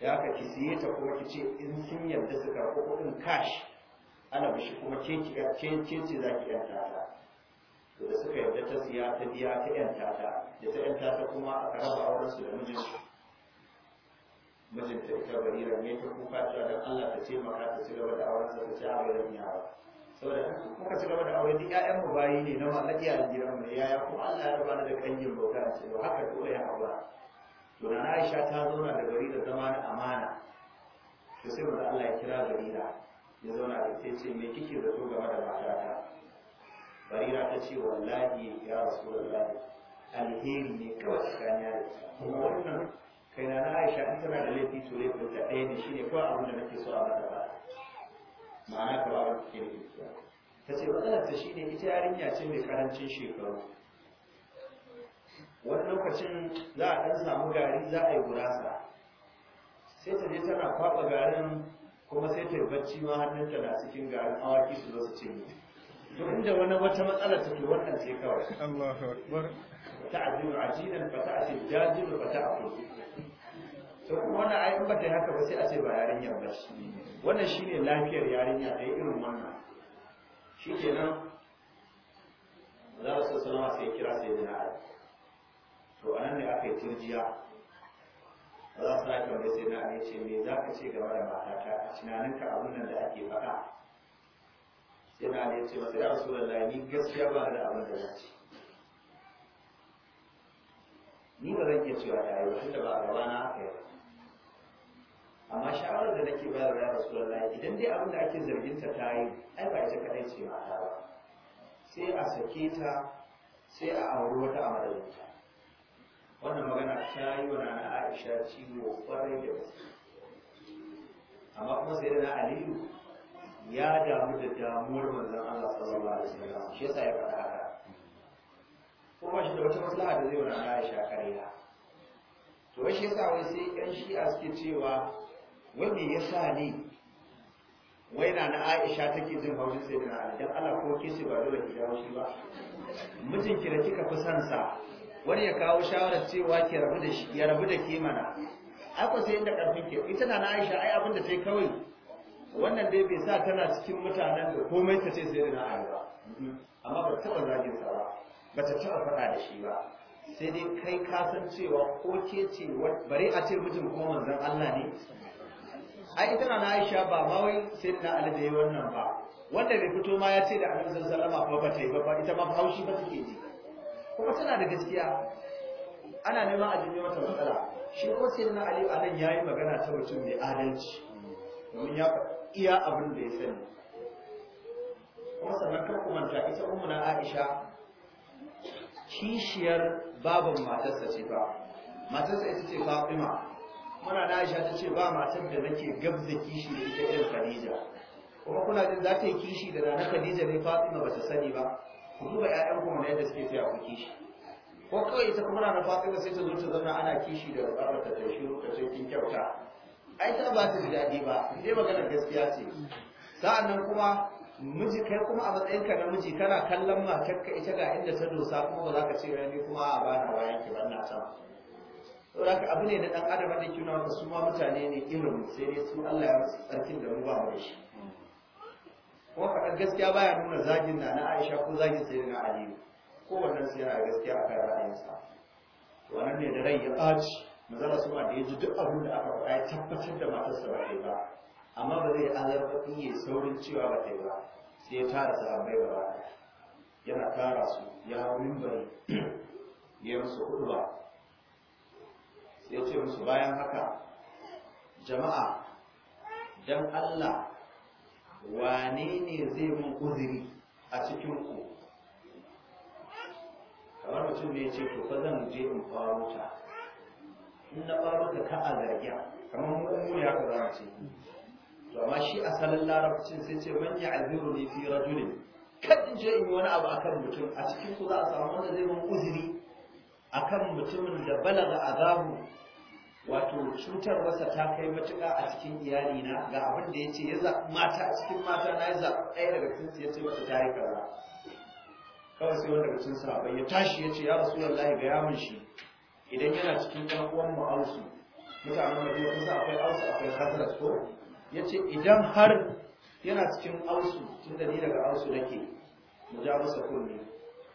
ya ka ki siye ta kuma ki ce in sun yarda su karɓi kuɗin kashi ana bishi kuma cinci za ki yanta ta to da suka yarda ta siya ta biya ta yanta ta da ta yanta ta kuma aka raba su da mijin ta ita barira ne ta kuka cewa dan Allah ta ce maka ta ci gaba da aurensa ta ci auren ba saboda kuka ci gaba da aure duk ƴaƴan mu bayi ne na mallaki a gidan mu yaya kuma Allah ya raba da kanjin bauta a ce haka dole ya aura to na Aisha ta zauna da barira zama na amana Ta sai Allah ya kira barira ya zauna da sai ce me kike da so game da matata barira ta ce wallahi ya rasulullahi alheri ne kawai tsakaniya da wannan kai na Aisha an tana da laifi to laifin ta ɗaya ne shine kawai abin da nake so a mata ba ma'ana ka ba kike da ta ce matsalar ta shine ita yarinya ce mai karancin shekaru wani lokacin za a ɗan samu gari za a yi gurasa sai ta je tana kwaɓa garin kuma sai ta bacci ma hannunta na cikin ga awaki su zo su cinye to da wani wata matsala ta ke wannan sai kawai Allahu akbar ta'dilu ajinan fa ta'ti dajilu fa ta'qu to kuma wannan ai in bata haka ba sai a ce ba yarinya ba wannan shine lafiyar yarinya da irin wannan shikenan Allah sallallahu alaihi wasallam sai kira sai da to anan ne aka yi turjiya za su lafiya wani sai na a ce me za ka ce gaba da matata a tunaninka abin nan da ake faɗa sai na ya ce masu ya rasu da ni gaskiya ba da abin da ce ni ba zan iya cewa ta yi tunda ba a gaba na haka yi amma shawarar da nake da ya rasu da idan dai abin da ake zarginta ta yi ai ba ita kaɗai ce mata ba sai a sake ta sai a auri wata a ta. wannan magana ta yi wa na aisha ciwo kwarai da amma kuma sai na aliyu ya damu da damuwar manzon Allah sallallahu alaihi wasallam shi yasa ya faɗa haka kuma shi da wata maslaha da zai wa na aisha kariya to shi yasa wai sai ƴan shi'a suke cewa wani ya sa ne wai na na Aisha take jin haushin sai na Ali Allah ko kisi ba dole ki dawo shi ba Mutum da kika fi son sa wani ya kawo shawarar cewa ke rabu da shi ya rabu da ke mana ai sai inda karfin ke ita na Aisha ai abin da sai kawai wannan dai bai sa tana cikin mutanen da komai ta ce sai na ba. amma ba ta zagin sa ba ba ta taba faɗa da shi ba sai dai kai ka san cewa ko ke ce bare a ce mijin ko manzon Allah ne ai ita na Aisha ba ma wai sai na Ali da yi wannan ba wanda bai fito ma ya ce da Annabi sallallahu alaihi wasallam ba ba ta yi ba ita ma haushi ba take ji kuma tana da gaskiya ana neman a jini wata matsala shi kuma sai na ali a nan yi magana ta mutum mai adalci domin ya iya abin da ya sani kuma sannan kar ku manta ita ummu na Aisha kishiyar baban matarsa ce ba matarsa ita ce Fatima muna na Aisha ta ce ba matar da nake gabza kishi da ita irin Khadija kuma kuna jin za ta yi kishi da ranar Khadija ne Fatima ba ta sani ba ku duba ƴaƴan ku da yadda suke taya ku kishi ko kawai ita kuma na fatima sai ta zo ta zama ana kishi da rubar ta shi lokacin kin kyauta ai ta ba ta ji daɗi ba dai magana gaskiya ce nan kuma miji kai kuma a matsayinka na miji kana kallon matarka ita ga inda ta dosa kuma ba za ka ce ni kuma a bana bayan ki banna ta saboda haka abu ne na ɗan adam da ke nuna su ma mutane ne irin sai dai su Allah ya tsarkin da mu ba mu da shi kuma faɗar gaskiya baya nuna zagin na na aisha ko zagin sai na aliyu ko wannan sai yana gaskiya akan ra'ayinsa wannan ne da rai ya ɓaci manzala su da ya ji duk abin da aka faɗa ya tabbatar da matar ba ta ba amma ba zai azarba in yi saurin cewa ba ta yi ba sai ya tara sahabbai ba ba. yana tara su ya hau mimbari ya musu ba sai ya ce musu bayan haka jama'a dan Allah wane ne zai mun uzuri a cikin ku kamar mutum ne ce to fa zan je in faruta ta in na faruta ka a zargiya kamar mu ya haka za ce to amma shi asalin larabcin sai ce man ya'ziru ni fi rajulin kan in je in yi wani abu akan mutum a cikin ku za a samu wanda zai mun uzuri akan mutumin da balaga azabu wato cutar wasa ta kai matuƙa a cikin iyali na ga abin da ya ce ya zaɓi mata a cikin mata na ya zaɓi ɗaya daga cikin su ya ce mata ta yi kaza kawai sai wanda daga su sahabbai ya tashi ya ce ya rasu wallahi ga yamin shi idan yana cikin ɗan uwan mu ausu mutanen madina kusa akwai ausu akwai hazrat ko ya ce idan har yana cikin ausu tun da ni daga ausu nake mu ja masa kunne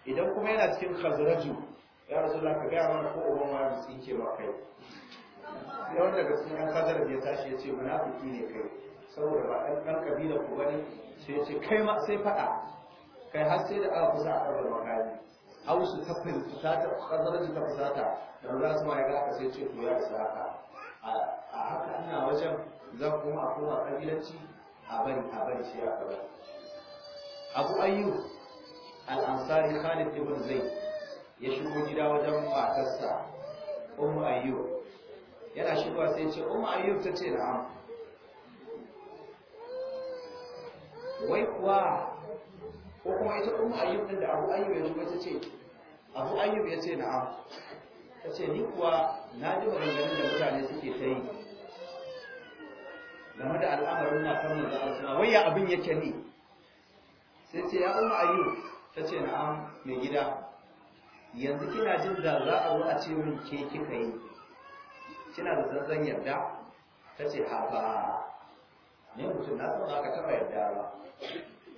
idan kuma yana cikin khazraju ya rasu ka gaya mana ko uban wa ya tsinke ba kai sai wanda daga cikin kazar ya tashi ya ce munafiki ne kai saboda ba ɗan ɗan kabilar ku bane sai ya ce kai ma sai faɗa kai har sai da aka kusa a ƙarfar makami su ta fusata da ta fusata da za su ma ya ga sai ce ku ya isa haka a haka ina wajen za kuma a koma kabilanci a bari a bari sai a bari abu ayyub al khalid ibn zai ya shigo gida wajen matarsa ummu yana shigowa sai ce umar ayyub ta ce na'am wai kuwa ko kuma ita umar ayyub din da abu ayyub ya shigo ta ce abu ayyub ya ce na'am ta ce ni kuwa na ji maganganun da mutane suke ta yi game da al'amarin na mu da alsuna wai ya abin yake ne sai ce ya umar ayyub ta ce na'am mai gida yanzu kina jin da za a ruwa a ce min ke kika yi kina da zan yarda ta ce ba ne mutum na san ka taba yarda ba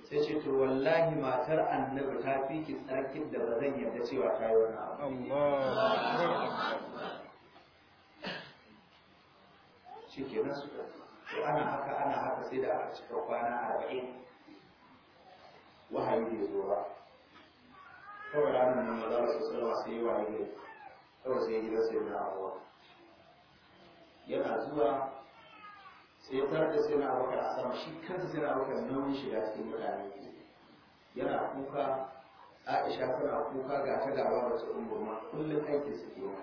sai ce to wallahi matar annabi ta fi ki tsarkin da ba zan yarda cewa ta yi wani abu shi ke nan suka to ana haka ana haka sai da a cika kwana arba'in wahayi bai zo ba kawai ranar nan maza su tsara sai yi wahayi kawai sai gidan sai na abuwa yana zuwa sai tar da sai na abubakar a sama shi kansa sai na abubakar nauyin shiga cikin mutane yana kuka aisha tana kuka ga ta gaba da tsoron goma kullum aikin su kewa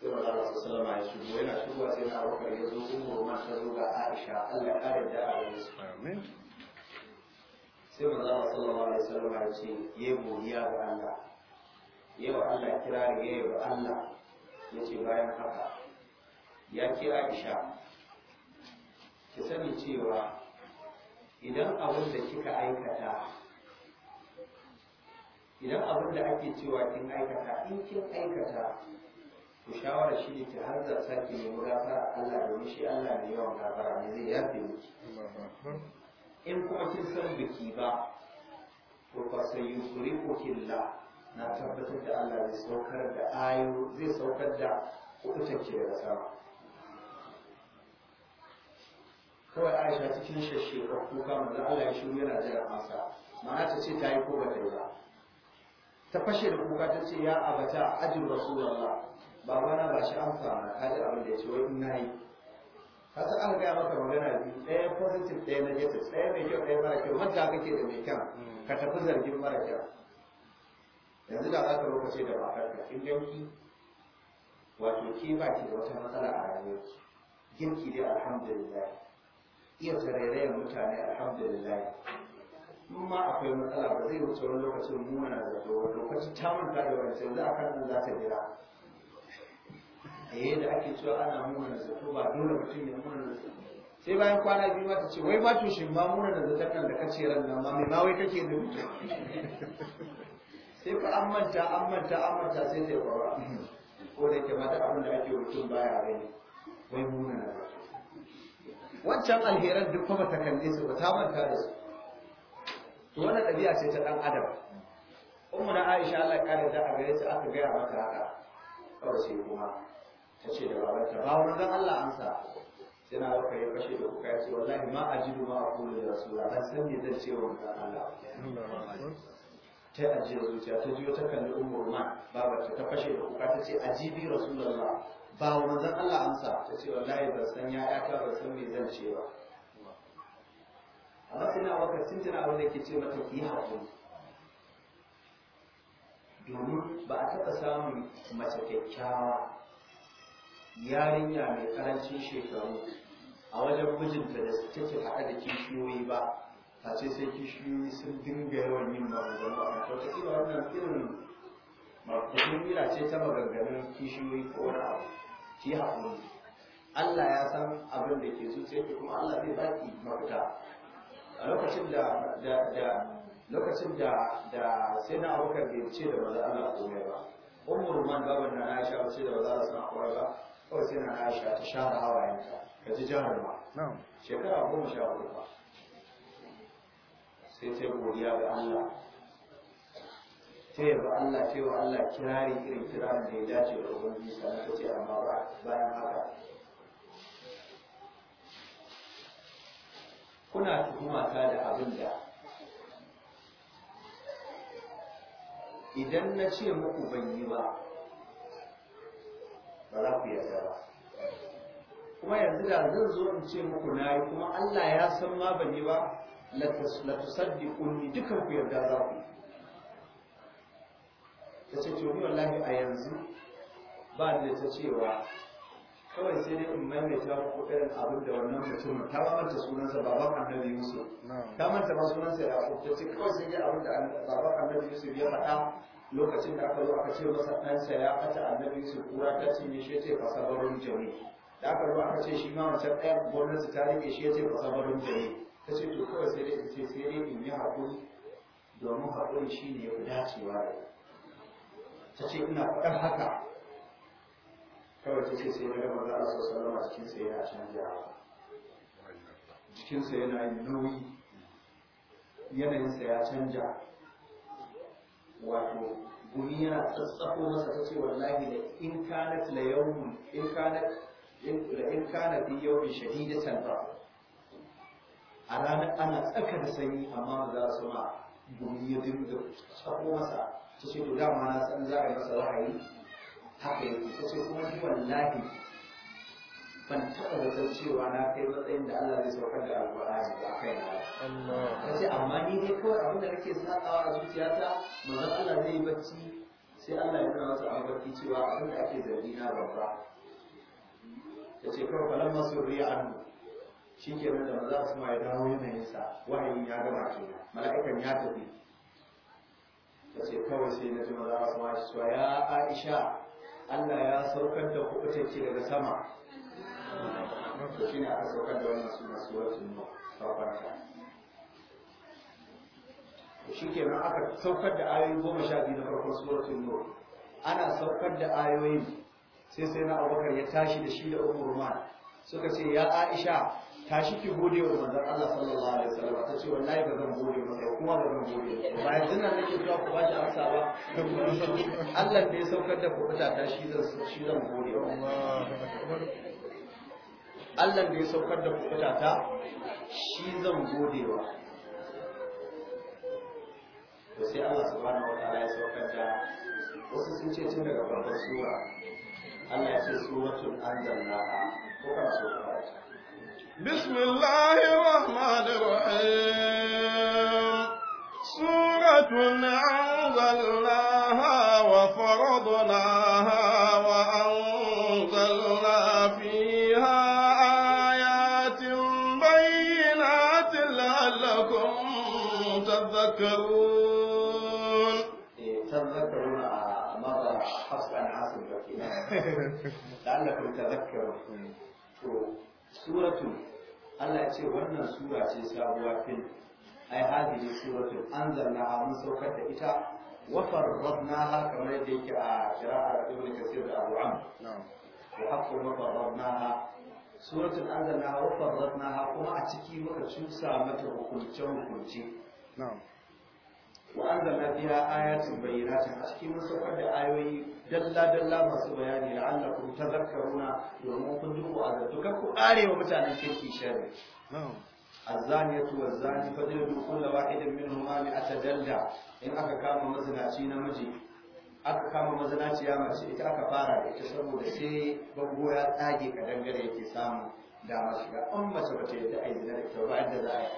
sai ba za su salama ya shigo yana shigowa sai na abubakar ya zo umar ma ta zo ga aisha Allah ƙarin da a wani su sai ba wa Allah sallallahu alaihi wasallam ya ce yebo ya ga Allah yebo Allah kirari yebo Allah ya bayan haka ya aisha ki sani cewa idan abin da kika aikata idan abin da ake cewa kin aikata in kin aikata ku shawara shi ne ki har da sake nemi gafara Allah domin shi Allah ne yawan gafara ne zai yafe miki in kuma kin san biki ba to fa sayyukuri ko killa na tabbatar da Allah zai saukar da ayo zai saukar da kudutan ke da sama kawai aisha cikin shashekar kuka da Allah ya shiru yana jira masa ma'ana ta ce ta yi ko ba ta yi ba ta fashe da kuka ta ce ya abata ajin rasulullah babana ba shi amsa na kaji abin da ya ce wai ina yi ka an gaya maka magana biyu ɗaya positive ɗaya negative ɗaya mai kyau ɗaya mara kyau wanda kake da mai kyau ka tafi zargin mara kyau yanzu da za ka lokaci da ba ka kin yanki wato ke ba ki da wata matsala a rayuwarki girki dai alhamdulillah iya tarairayen mutane alhamdulillah in ma akwai matsala ba zai wuce wani lokacin mummuna da zato lokaci ta manta da wani sai za a kan za ta jira eh da ake cewa ana mummuna da zato ba dole mutum ya mummuna da zato sai bayan kwana biyu mata ce wai ba shi ma muna da zato nan da kace ran nan ma me ma wai kake da sai ka an manta an manta an manta sai zai kwara ko da ke mata abin da ake mutum baya rai wai muna na wancan alheran duk kuma ta kan su ba ta manta da su to wani ɗabi'a ce ta ɗan adam ummu na Aisha Allah ya kare ta a gare ta aka gaya mata haka kawai sai kuma ta ce da babanta ba zan Allah amsa sai na ba ya fashe da kuka ya ce wallahi ma ajidu ma aqulu rasulullah ban san me zan ce wa manzon Allah ta ajiye zuciya ta jiyo ta kalli umu ma babarta ta fashe da kuka ta ce ajibi rasulullah ba wa manzan Allah amsa ta ce wallahi ban san ya yaka ban san me zan ce ba amma sai na baka sun tana abin da ke ce mata ki haƙuri domin ba a taɓa samun mace kyakkyawa yarinya mai karancin shekaru a wajen mijinta da take haɗa da kishiyoyi ba a ce sai kishiyoyi sun dinga yawan yin maganganu a kan wata kila wannan irin maganganu ila ce ta maganganun kishiyoyi ko wani abu ki haƙuri Allah ya san abin da ke zuciyarki kuma Allah zai baki mafita a lokacin da lokacin da da sai na abokar bai ce da maza Allah komai ba umar man baban na Aisha ba ce da maza Allah suna kawai ba kawai sai na Aisha ta share hawayenta ka ji jarumma shekara goma sha hudu ba sai ta godiya ga Allah ta yaba Allah ta wa Allah kirari irin kirarin da ya dace da ubangiji sannan ta ce amma ba bayan haka kuna ta da abin da idan na ce muku ban yi ba ba za ku yarda ba kuma yanzu da zan zo in ce muku na yi kuma Allah ya san ma ban yi ba la tusaddiquni dukan ku yarda za ku ta ce to ni wallahi a yanzu ba da ta cewa kawai sai dai in maimaita muku irin abin da wannan mutumin ta manta sunansa baban annabi yusuf ta manta ma sunansa ya ta ce kawai sai dai abin da baban annabi yusuf ya faɗa lokacin da aka zo aka ce masa ɗansa ya ɓata annabi yusuf kura ta ce cinye shi ya ce fasabarun jami da aka zo aka ce shi ma mace ɗaya gwamnati ta rike shi ya ce fasabarun jami ta ce to kawai sai dai in ce sai dai in yi haƙuri domin haƙuri shi ne ya fi dacewa da ta ce ina faɗar haka kawai ta ce sai na gama za a so salama jikinsa yana cikin jikinsa yana yin nauyi yanayinsa ya canja wato gumi yana tsatsako masa ta ce wallahi da in kanat la yawmun in kanat la in kanat yawmin shadidatan ba a ranar ana tsaka da sanyi amma ba za su ma gumi ya dinga tsako masa ta ce to dama na san za a yi masa wahayi haka yake ta ce kuma ni wallahi ban taɓa zaton cewa na kai matsayin da Allah zai saukar da alƙur'ani ba kai na ta ce amma ni ne kawai abin da nake sakawa a zuciyata manzon Allah zai yi bacci sai Allah ya nuna masa a mafarki cewa abin da ake zargi na babba ta ce kawai falan masu ri'an shi ke nan da maza su ma ya dawo yanayinsa wahayin ya gama ke mala'ikan ya tafi ta ce kawai sai na ji maza su ma shi ya aisha allah ya saukar da kuɓutacce daga sama shi ne aka saukar da wannan suna suratun ta farfarta shi ke nan aka saukar da ayoyi goma sha biyu na farkon suratun nu ana saukar da ayoyin sai sai na abubakar ya tashi da shi da umar suka ce ya aisha tashi ki gode wa manzon Allah sallallahu alaihi wasallam ta ce wallahi ba zan gode maka kuma ba zan gode ba yanzu nan nake zuwa ku shi amsa ba Allah ne ya saukar da kuɗa ta shi zan shi zan gode Allah ne ya saukar da kuɗa ta shi zan gode wa to sai Allah subhanahu wa ta'ala ya saukar da wasu sun ce tun daga farkon sura Allah ya ce suratul anzalnaha ko kan sura ta بسم الله الرحمن الرحيم سورة أنزلناها وفرضناها وأنزلنا فيها آيات بينات لعلكم تذكرون تذكرون مرة حفص عن عاصم (laughs) لعلكم تذكرون سورة Allah ya ce wannan sura ce sabuwa fil ai hadhihi suratul anzalnaha mun saukar da ita wa farradnaha kamar yadda yake a qira'ar Ibn Kathir da Abu Amr na'am wa haqqu wa farradnaha suratul anzalnaha wa farradnaha kuma a ciki muka cusa mata hukunce hukunci na'am wa anzalna fiha ayatin bayyinatin a cikin musaffar da ayoyi dalla dalla masu bayani la'allakum tadhakkaruna domin kun duku azabtu kar ku kare wa mutanen kirki sharri الزانية والزاني فجلدوا كل واحد منهما مئة جلدة إن أكا كام مزناتي نمجي aka kama mazinaciya mace ita aka fara da ita saboda sai bango ya tsage ka dangare yake samu dama shiga an mace bata yadda a yi zina da kyau ba yadda za a yi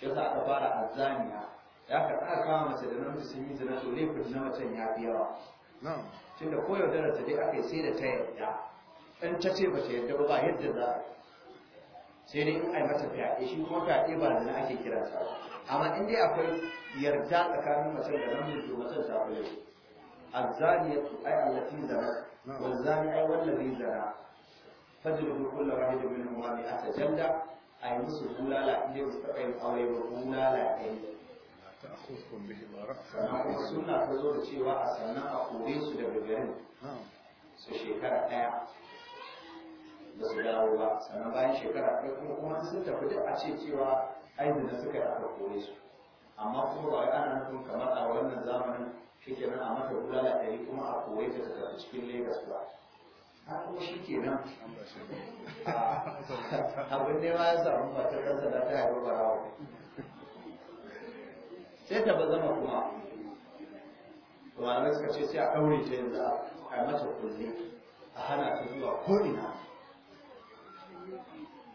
shi aka fara azzaniya ya ka aka kama mace da namiji sun yi zina to laifin na macen ya fi yawa tunda ko yaudarar ta dai aka yi sai da ta yarda ɗan ta ce ba ta yarda ba yadda za a sai dai in ai mata fyaɗe shi kuma fyaɗe ba zina ake kira sa amma in dai akwai yarda tsakanin mace da namiji to macen ta fi laifi الزانية أي التي زنت والزاني أي والذي زنى فاجلدوا كل واحد منهما مئة جلدة أي نصف لا لا أي مستقيم أو يبقوا لا لا أي makhsustun bihi ma ra'a sunna ta zo da cewa a sannan a kore su daga garin su shekara ɗaya ba su dawo ba bayan shekara ɗaya ko kuma sun tafi duk a ce cewa aizina suka yi aka kore su amma kuma ba ana nufin kamar a wannan zamanin shi kenan a mata kuma a cikin Legas ba har ah, abin da ya samu ba ta kansa da ta haifi barawa sai ta bazama kuma to ana suka ce sai a kaure ta yanzu a mata kulle a hana ta zuwa ko ina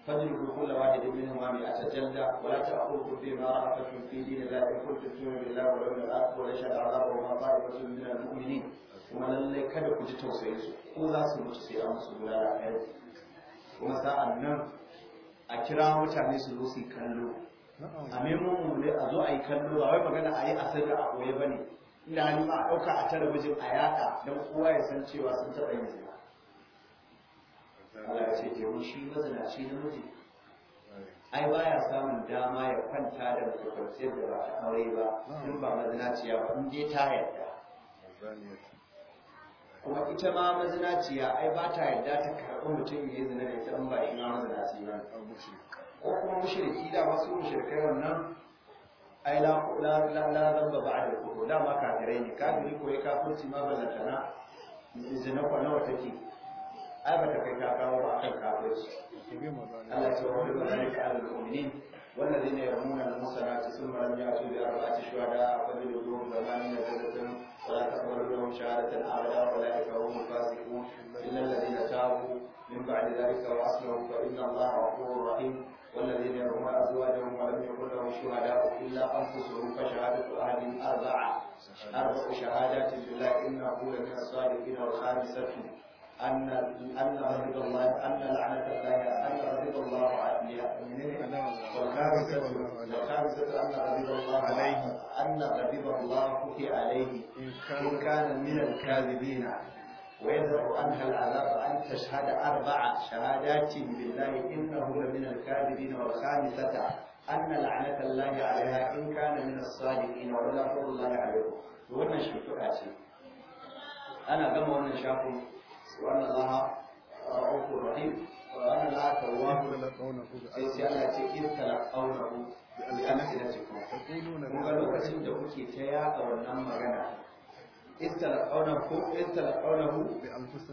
fadil kullu la wahid a huma bi atajalla wa la ta'khudhu bi ma ra'aka fi dinil la yakun tu'minu billahi wa yawmil akhir wa la shada 'ala ma ta'ifu min al-mu'minin kuma lallai kada ku ji tausayin su ko za su mutu sai an su gura a kuma sa'an nan a kira mutane su zo su kallo a memon ne a zo a yi kallo ba wai magana a yi da a koye ba ne inda hannu a ɗauka a talabijin a yaka, don kowa ya san cewa sun taɓa yin zina Allah ce domin shi mazinaci namiji ai ba ya samun dama ya kwanta da mace kwanciyar da ba ta aure ba in ba mazinaciya ba in dai ta yarda kuma ita ma mazinaciya ai ba ta yarda ta karɓi mutum ya yi zina da ita in ba shi ma mazinaci ba ko kuma mushriki da masu mushrikai wannan ai la la la la zamba ba'da kufur da ma kafirai ne kafiri ko ya kafirci ma balantana zina ko nawa take ai ba ta kai ta kawo ba akan kafirci Allah ya tsoro da zalika al-mu'minin والذين يرمون المحصنات ثم لم يأتوا بأربعة شهداء فجلدوهم ثمانين جلدة ولا تقبلوا لهم شهادة أبدا أولئك هم الفاسقون إلا الذين تابوا من بعد ذلك وأصلهم فإن الله غفور رحيم والذين يرون أزواجهم ولم يكن لهم شهداء إلا أنفسهم فشهادة أحد أربعة أربع شهادات لله إنه لمن الصادقين والخامسة أن أن غضب الله أن لعنة الله أن غضب الله عليه والخامسة والخامسة أن غضب الله عليه أن غضب الله عليه إن كان من الكاذبين ويذر عنها العذاب أن تشهد أربع شهادات بالله إنه لمن الكاذبين والخامسة أن لعنة الله عليها إن كان من الصادقين ولا فضل الله عليكم وأنا شفت أنا قم وأنا شافوا وأن الله رؤوف رحيم وأنا الله تواب sai sai Allah تلقونه in وقالوا bi alsinatikum تياء kuma istalqawna ko istalqawnahu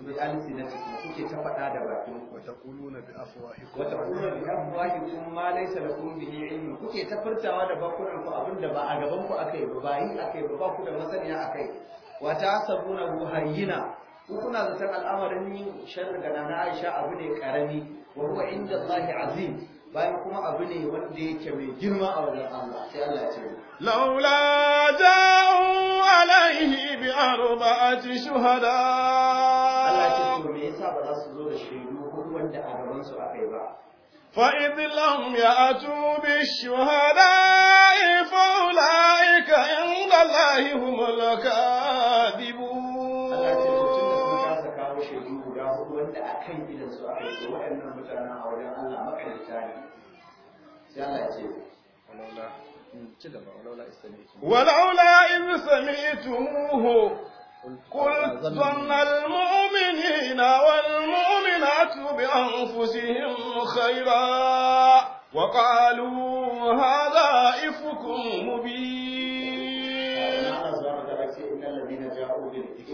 bi alsinatikum kuke ta faɗa da bakin ku wa taquluna bi afwahikum wa taquluna bi afwahikum ma laysa lakum bihi ilm kuke ta furtawa da bakunan ku abinda ba a gaban ku akai ba ba yi akai ba ku da masaniya akai wa tasabuna hayyina ku kuna zaton al'amarin yin sharri ga nana Aisha abu ne karami wa huwa inda Allah azim bayan kuma abu ne wanda yake mai girma a wajen Allah sai Allah ya ce laula ja'u alaihi bi arba'ati shuhada Allah ya ce to me yasa ba za su zo da shaidu ko wanda a gaban su akai ba fa idlam ya'tu bi shuhada fa ulaika inda Allah humul kadibun wanda a kan gidan su aka yi waɗannan mutanen a wajen Allah ne sai ya ce ولولا إذ سمعتموه قلتم المؤمنين والمؤمنات بأنفسهم خيرا وقالوا هذا إفك مبين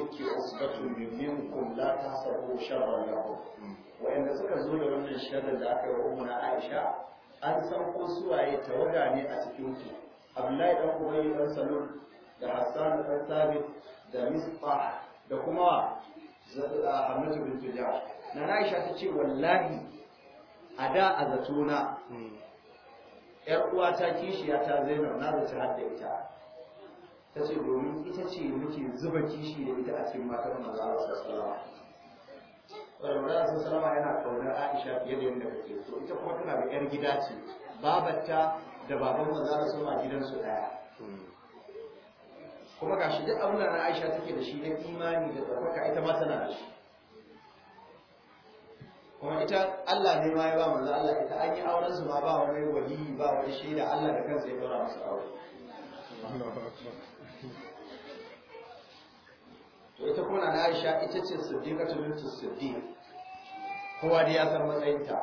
yunki usbatun minkum la tasabu sharran Wa wa'anda suka zo da wannan sharrin da aka yi wa na Aisha an san ko suwaye tawada ne a cikin ku Abdullahi dan Ubayy dan Salul da Hassan dan Sabit da Misbah da kuma Hamadu bin Tujah na Aisha ta ce wallahi a da a zatona yar hmm. uwa ta kishiya ta zaina na zata hadda ita ta ce domin ita ce muke zuba kishi da ita a cikin matan maza a sassalawa Ƙwararra sassalama yana ƙaunar Aisha fiye da yadda kake so ita kuma tana da 'yar gida ce babarta da baban maza da sama gidansu ɗaya kuma ga shi duk abin da na Aisha take da shi na imani da tsarkaka ita ma tana da shi kuma ita Allah ne ma ya ba manzo Allah ita an yi auren su ma ba wani wali ba wani shaida Allah da kansa ya fara masa aure to ita kuma na Aisha ita ce ta bintu siddiq kowa da ya san matsayinta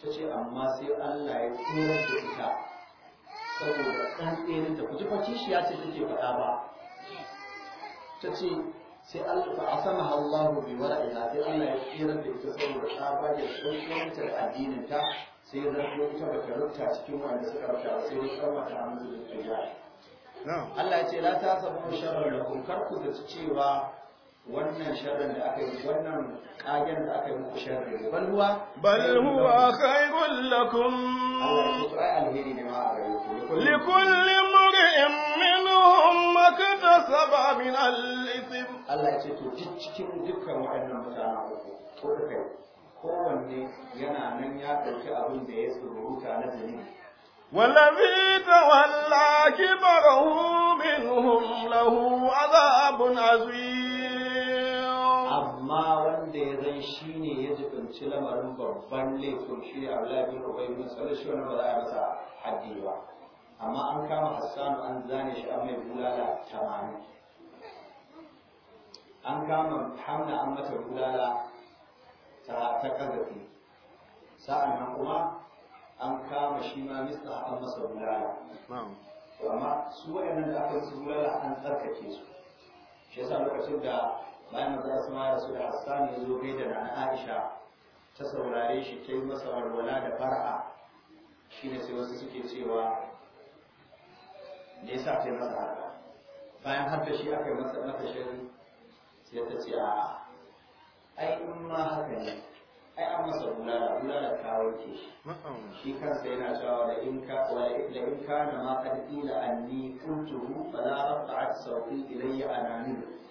ta ce amma sai Allah ya tsira da ita saboda ɗan tserin ta kuji fa ya ce take faɗa ba ta ce sai Allah a sama Allahu bi wara'iha sai Allah ya tsira da ita saboda ta ba da ta addinin ta sai ya zarto ita ba ta cikin wanda suka rubuta sai ya ta hannu da ƙarya Allah ya ce la ta sabu sharra da kar ku da cewa بل هو خير لكم لكل امرئ منهم ما اكتسب من الاثم والذي تولى كبره منهم له عذاب عظيم amma wanda ya zan shi ne ya jibinci lamarin babban laifin shi ne labin rubai bin shi wani ba za a masa haddi ba amma an kama hassanu an zane shi an mai bulala tamanin an kama hamna an mata bulala ta kazafi sa'an nan kuma an kama shi ma mista an masa bulala amma su waɗannan da aka su bulala an tsarkake su shi yasa lokacin da bayan za su da su da hassan ya zo bai da aisha ta saurare shi ta yi masa walwala da fara shine sai wasu suke cewa da ya sa ta yi masa haka bayan har da shi aka yi masa maka shirin sai ta ce a ai in ma haka ne ai an masa bulala bulala ta wanke shi shi kansa yana cewa da in ka da in ka na ma kadi ila anni kuntu fa la rafa'at sawti ilayya anani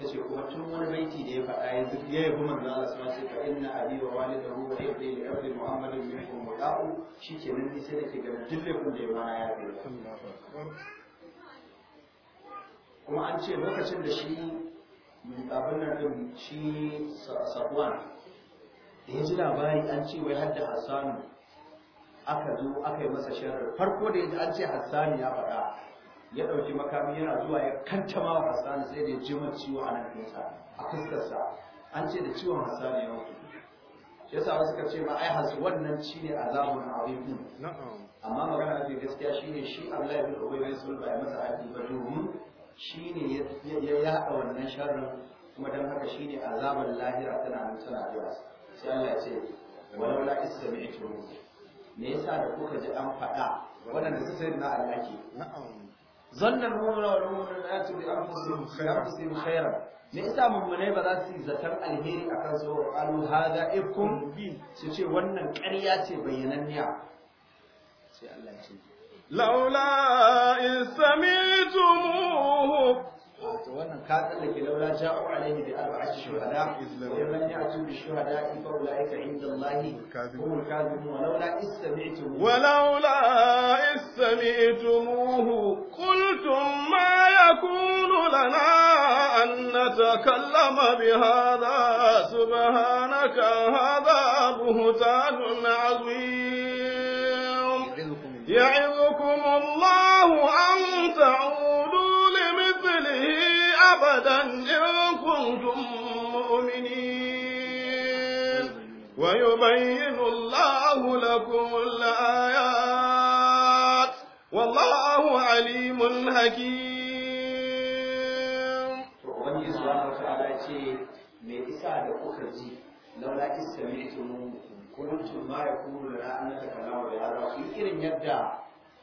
yace kuma tun wani baiti da ya faɗa ya zubi ya yabi manzo Allah sama ce fa inna abi wa walidahu wa ibni li abdi muhammadin minkum muta'u shikenan ni sai nake ga dille kun da yana ya bi kuma an ce lokacin da shi abin nan din shi safwan da ya ji labari an ce wai hadda hassanu aka zo aka yi masa sharar farko da ya ji an ce Hassanu ya faɗa ya ɗauki makami yana zuwa ya kanta ma Hassan sai da jima ciwo a nan a fuskarsa an ce da ciwon Hassan ya mutu yasa wasu ka ce ma ai hasu wannan ci ne azabun abin mu. amma magana da gaskiya shine shi Allah ya bude wai sun ya masa aiki ba domin shine ya yaɗa wannan sharrin kuma dan haka shine azaban lahira tana nan tana jira sai Allah ya ce walau la ismi'tu me yasa da kuka ji an faɗa waɗanda da sai na Allah ke zanna al-mu'minu wal mu'minatu bi anfusihim khayran khayran me yasa mu'mine ba za su yi zatar alheri akan su alu hada ikum su ce wannan ƙarya ce bayyananniya sai Allah ya ce laula in samitumuhu وتوانا كاتل لولا جاءوا عليه بأربعة شهداء ومن يأتوا بالشهداء فأولئك عند الله هم الكاذبون ولولا إذ سمعتموه ولولا إذ سمعتموه قلتم ما يكون لنا أن نتكلم بهذا سبحانك هذا بهتان عظيم أبدا إن كنتم مؤمنين ويبين الله لكم الآيات والله عليم حكيم laula is sami'tum kuntum ma yakunu lana takalawa ya rafi irin yadda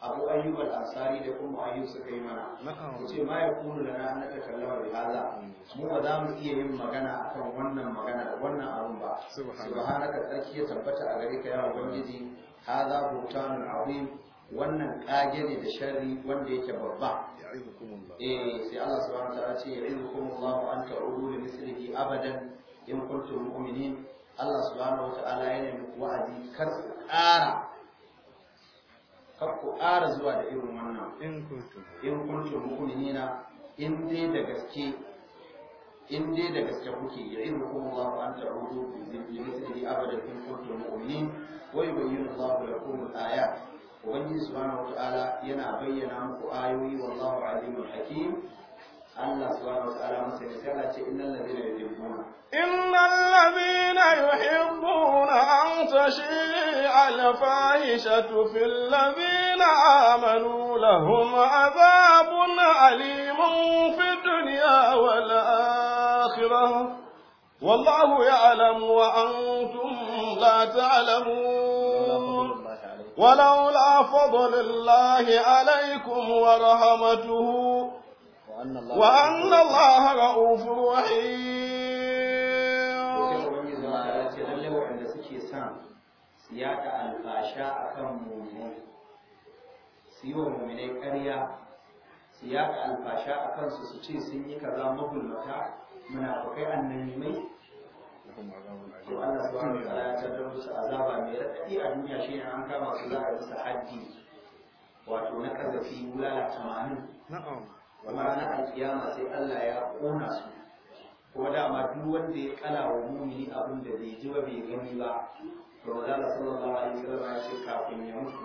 abu ayyub al-ansari da kuma ayyub suka yi mana yace ma ya kunu lana an ka kallama bi hada mu ba za mu iya yin magana akan wannan magana da wannan abun ba subhanaka tsarki ya tabbata a gare ka ya ubangiji hada butanun azim wannan kage ne da sharri wanda yake babba eh sai Allah subhanahu wataala ce ya'idukumullahu an ta'udu li mislihi abadan in kuntum mu'minin Allah subhanahu wataala yana muku wa'azi kar ku ƙara kar ku ƙara zuwa da irin wannan in kuntum in kuntum mu'minina in dai da gaske in dai da gaske kuke ya in kuma Allah an ta'udu bi zikri misli abadan in kuntum mu'minin bai yubayyinu Allahu ya kuma ayat ubangiji subhanahu wa ta'ala yana bayyana muku ayoyi wallahu alimul hakim إن الذين يحبون أن تشيع الفاحشة في الذين آمنوا لهم عذاب أليم في الدنيا والآخرة والله يعلم وأنتم لا تعلمون ولولا فضل الله عليكم ورحمته وأن الله رؤوف رحيم siyata alfasha a kan mummunai su yi wa mummunai alfasha a kansu su ce sun yi kaza mahullata muna bakai annan mai to Allah subhanahu wa ta'ala ya tabbata musu azaba mai raɗaɗi a duniya shi an kama su za a yi haddi wato na kazafi bulala tamanin kuma ranar alkiyama sai Allah ya kona su Ko dama duk wanda ya kala wa mumini abin da bai ji ba bai gani ba to da Allah sallallahu alaihi wasallam ya ce kafin ya mutu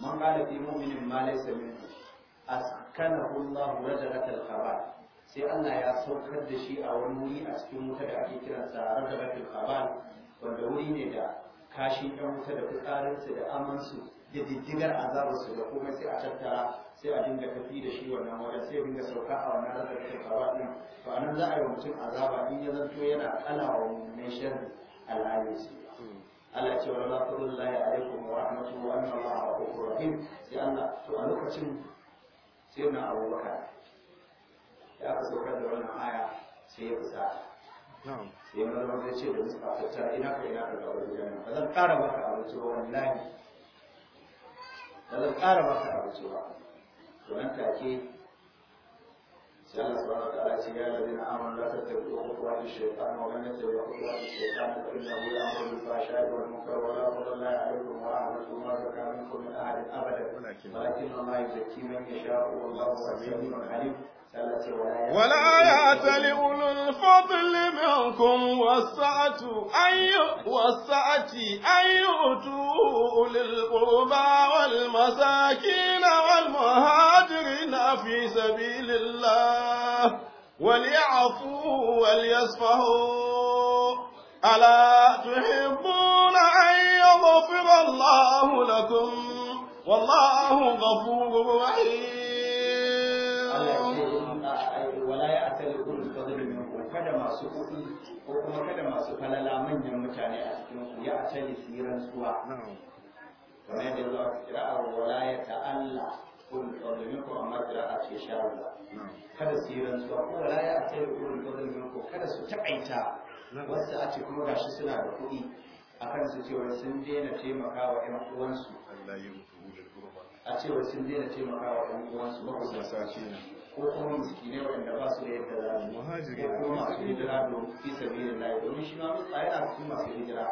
man qala fi mu'minin ma laysa minhu hulla Allah da al-khabar sai Allah ya saukar da shi a wani wuri a cikin wuta da ake kiransa sa al-khabar wanda wuri ne da kashin ɗan wuta da fitsarinsu da amansu diddigar azabar su da kuma sai a tattara sai a dinga tafi da shi wannan wajen sai ya dinga sauka a wannan ranar da shekara ɗin, to a nan za a yi wa mutum azaba in ya zanto yana kala wa mummunai sharri alhali su Allah ce wa rahmatullahi alaikum wa rahmatullahi wa annallaha ghafurur rahim sai Allah to a lokacin sai na abubakar ya fi saukar da wannan aya sai ya fusata sai wani zama zai ce da musu a tattara ina ka ina ka ga wajen ba zan ƙara maka abinci ba wallahi ba zan ƙara masa abinci ba to nan take sai Allah subhanahu wa ta'ala ce ya ladin amanu la tattabi'u khutuwati shaytan wa man yattabi' khutuwati shaytan fa innahu ya'muru bil fahsha'i wal munkari wa la yadhurru la ya'lamu wa a'lamu ma zakara min ahadin abadan walakin Allah yuzakki man yasha'u wallahu والآيات لأولو الفضل منكم والسعة أي والسعة أن يؤتوا أولي والمساكين والمهاجرين في سبيل الله وليعفوا وليصفحوا ألا تحبون أن يغفر الله لكم والله غفور رحيم Allah ya ce wala ya asali kada masu ko kuma kada masu falala manyan mutane a cikin ku ya asali siran suwa kamar yadda wala ya ta'alla kullum fadl minkum amma kira'a ce shawara kada siran suwa ko wala ya asali kullum fadl minkum kada su taƙaita wasu a cikin gashi suna da kuɗi akan su cewa sun daina taimakawa ƴan uwansu a cewa sun daina taimakawa ɗan uwansu makusanta ko kuma miskinai waɗanda ba su da yadda za su ko kuma masu hijira don fi sabilin layi domin shi ma mutsa yana cikin masu hijira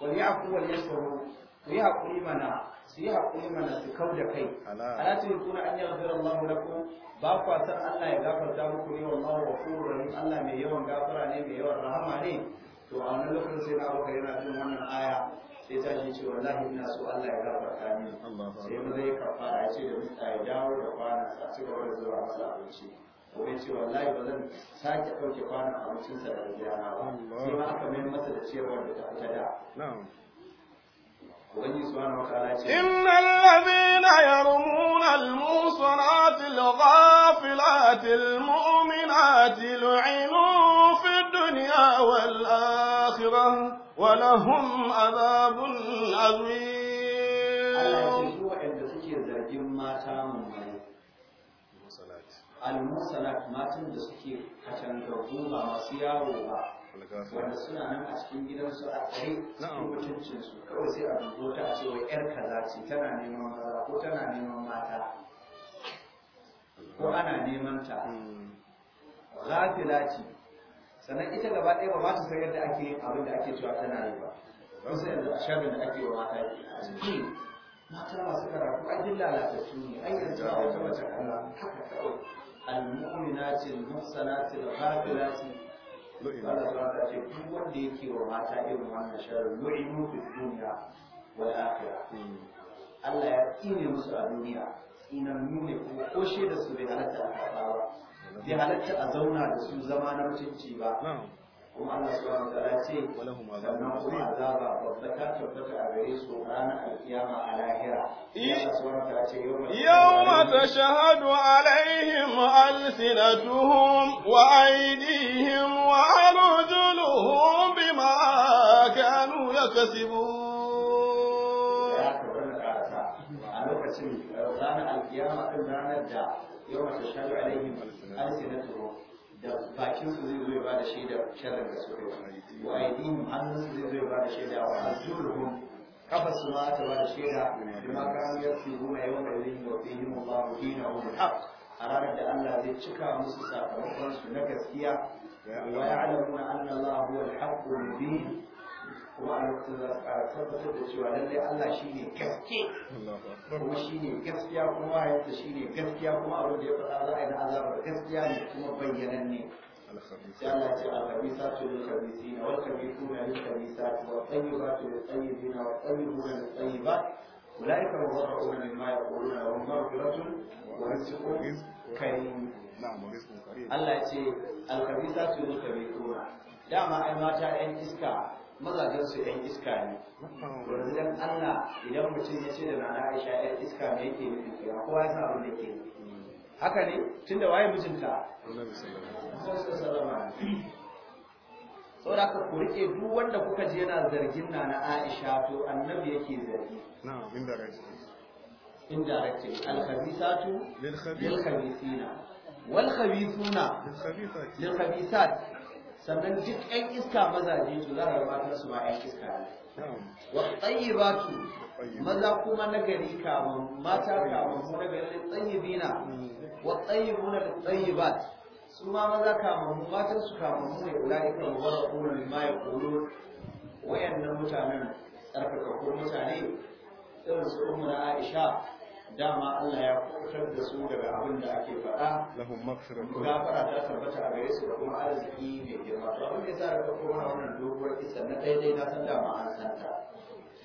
wani ya ku wani sauro ku yi haƙuri mana su yi haƙuri mana su kau da kai ala tuni kuna an yaghfira Allahu lakum ba kwa san Allah ya gafarta muku ne wallahu ghafurur rahim Allah mai yawan gafara ne mai yawan rahama ne to a wannan lokacin sai na abokai yana jin wannan aya sai ta ji ce wallahi ina so Allah ya gafarta mini sai mu zai kafara ya ce da mista ya dawo da kwanan sa ci gaba da zuwa masa abinci ko ya ce wallahi ba zan sake ɗauke kwanan abincin sa da gidana ba sai ma aka mai masa da ciyarwar da ta fita da إن الذين يرمون الموصنات الغافلات المؤمنات لعنوا في الدنيا والآخرة ولهم عذاب عظيم al-musalat matan da suke katangagu ba masu yawo ba wanda suna nan a cikin gidansu a tsare cikin mutuncinsu kawai sai a dubo ta a cewa yar kaza ce tana neman maza ko tana neman mata ko ana neman ta hmm. ghafila ce sannan ita gaba ɗaya ba ma ta san da ake yin abin da ake cewa tana yi ba don sai yanzu a da ake wa mata yi mata masu karatu an yi lalatattu ne an yi zuwa wata mace Allah haka kawai al-mu'minati al-muhsanati al-ghafilati Allah ta ce duk wanda yake wa mata irin wannan sharri lu'inu fid dunya wal akhirah hmm. Allah ya tsine musu a duniya tsinan nune ko koshe da su bai halatta a ba bai halatta a zauna da su zama na mutunci ba kuma Allah subhanahu wa ta'ala ce sannan kuma azaba babba ta tabbata a gare su ranar alkiyama a lahira eh. Allah subhanahu wa ta'ala ce yawma tashhadu alaihim alsinatuhum wa aydihim wa arjuluhum bima kanu yakasibun a lokacin eh, ranar alkiyama din ranar da yau ma tashhadu alaihim alsinatuhum da bakin su zai zo ya bada shaida sharrin da suka yi wa aidihim hannun su zai zo ya bada shaida wa arjuluhum kafa su ma ta bada shaida da su kanu yasibu ma yawma yadhim wa mu Allahu dinahu al-haq a ranar da Allah zai cika musu sakamakon su na gaskiya wa ya'lamuna anna Allahu huwa al-haqqu mubin kuma a lokacin za su ƙara tabbatar da cewa lallai Allah shi ne gaske kuma shi ne gaskiya kuma wayansa shi ne gaskiya kuma abin da ya faɗa za a yi na azabar gaskiya ne kuma bayyananne sai Allah ce al-khabisatu lil-khabisina wal-khabithuna lil-khabisati wat ba kuma tayyibina wat-tayyibuna lit-tayyibati أولئك مضرعون مما يقولون وهم مغفرة allah كريم نعم ورزق كريم الله kami الخبيثات للخبيثون دعما أي ماتا أن iska. mazajen su yan iska ne yanzu Allah idan mutum ya ce da nana Aisha yan iska ne yake nufi kira kowa ya san abin da yake haka ne tunda waye mijinta Sau da ku rike duk wanda kuka ji yana zargin na na Aisha to annabi yake zargi Inda indirectly indirectly al-khabisatu lil-khabisina wal-khabithuna lil-khabisat sannan duk ɗan iska mazaje su za a gabatar su ma ɗan iska wa su maza kuma na gari kamun mata kamun mu na gari bina. wa tsayyibuna da ba su ma maza kamun mu matan su kamun mu ne ulai kan wara kuma ma ya kulu wayannan mutanen tsarkakakkun mutane irin su ummu na Aisha dama Allah ya kutar da su daga abin da ake faɗa lahum gafara ta tabbata a gare su da kuma arziki mai girma to abin da zai ga kuma wannan dogon kisa na daidai na san dama an san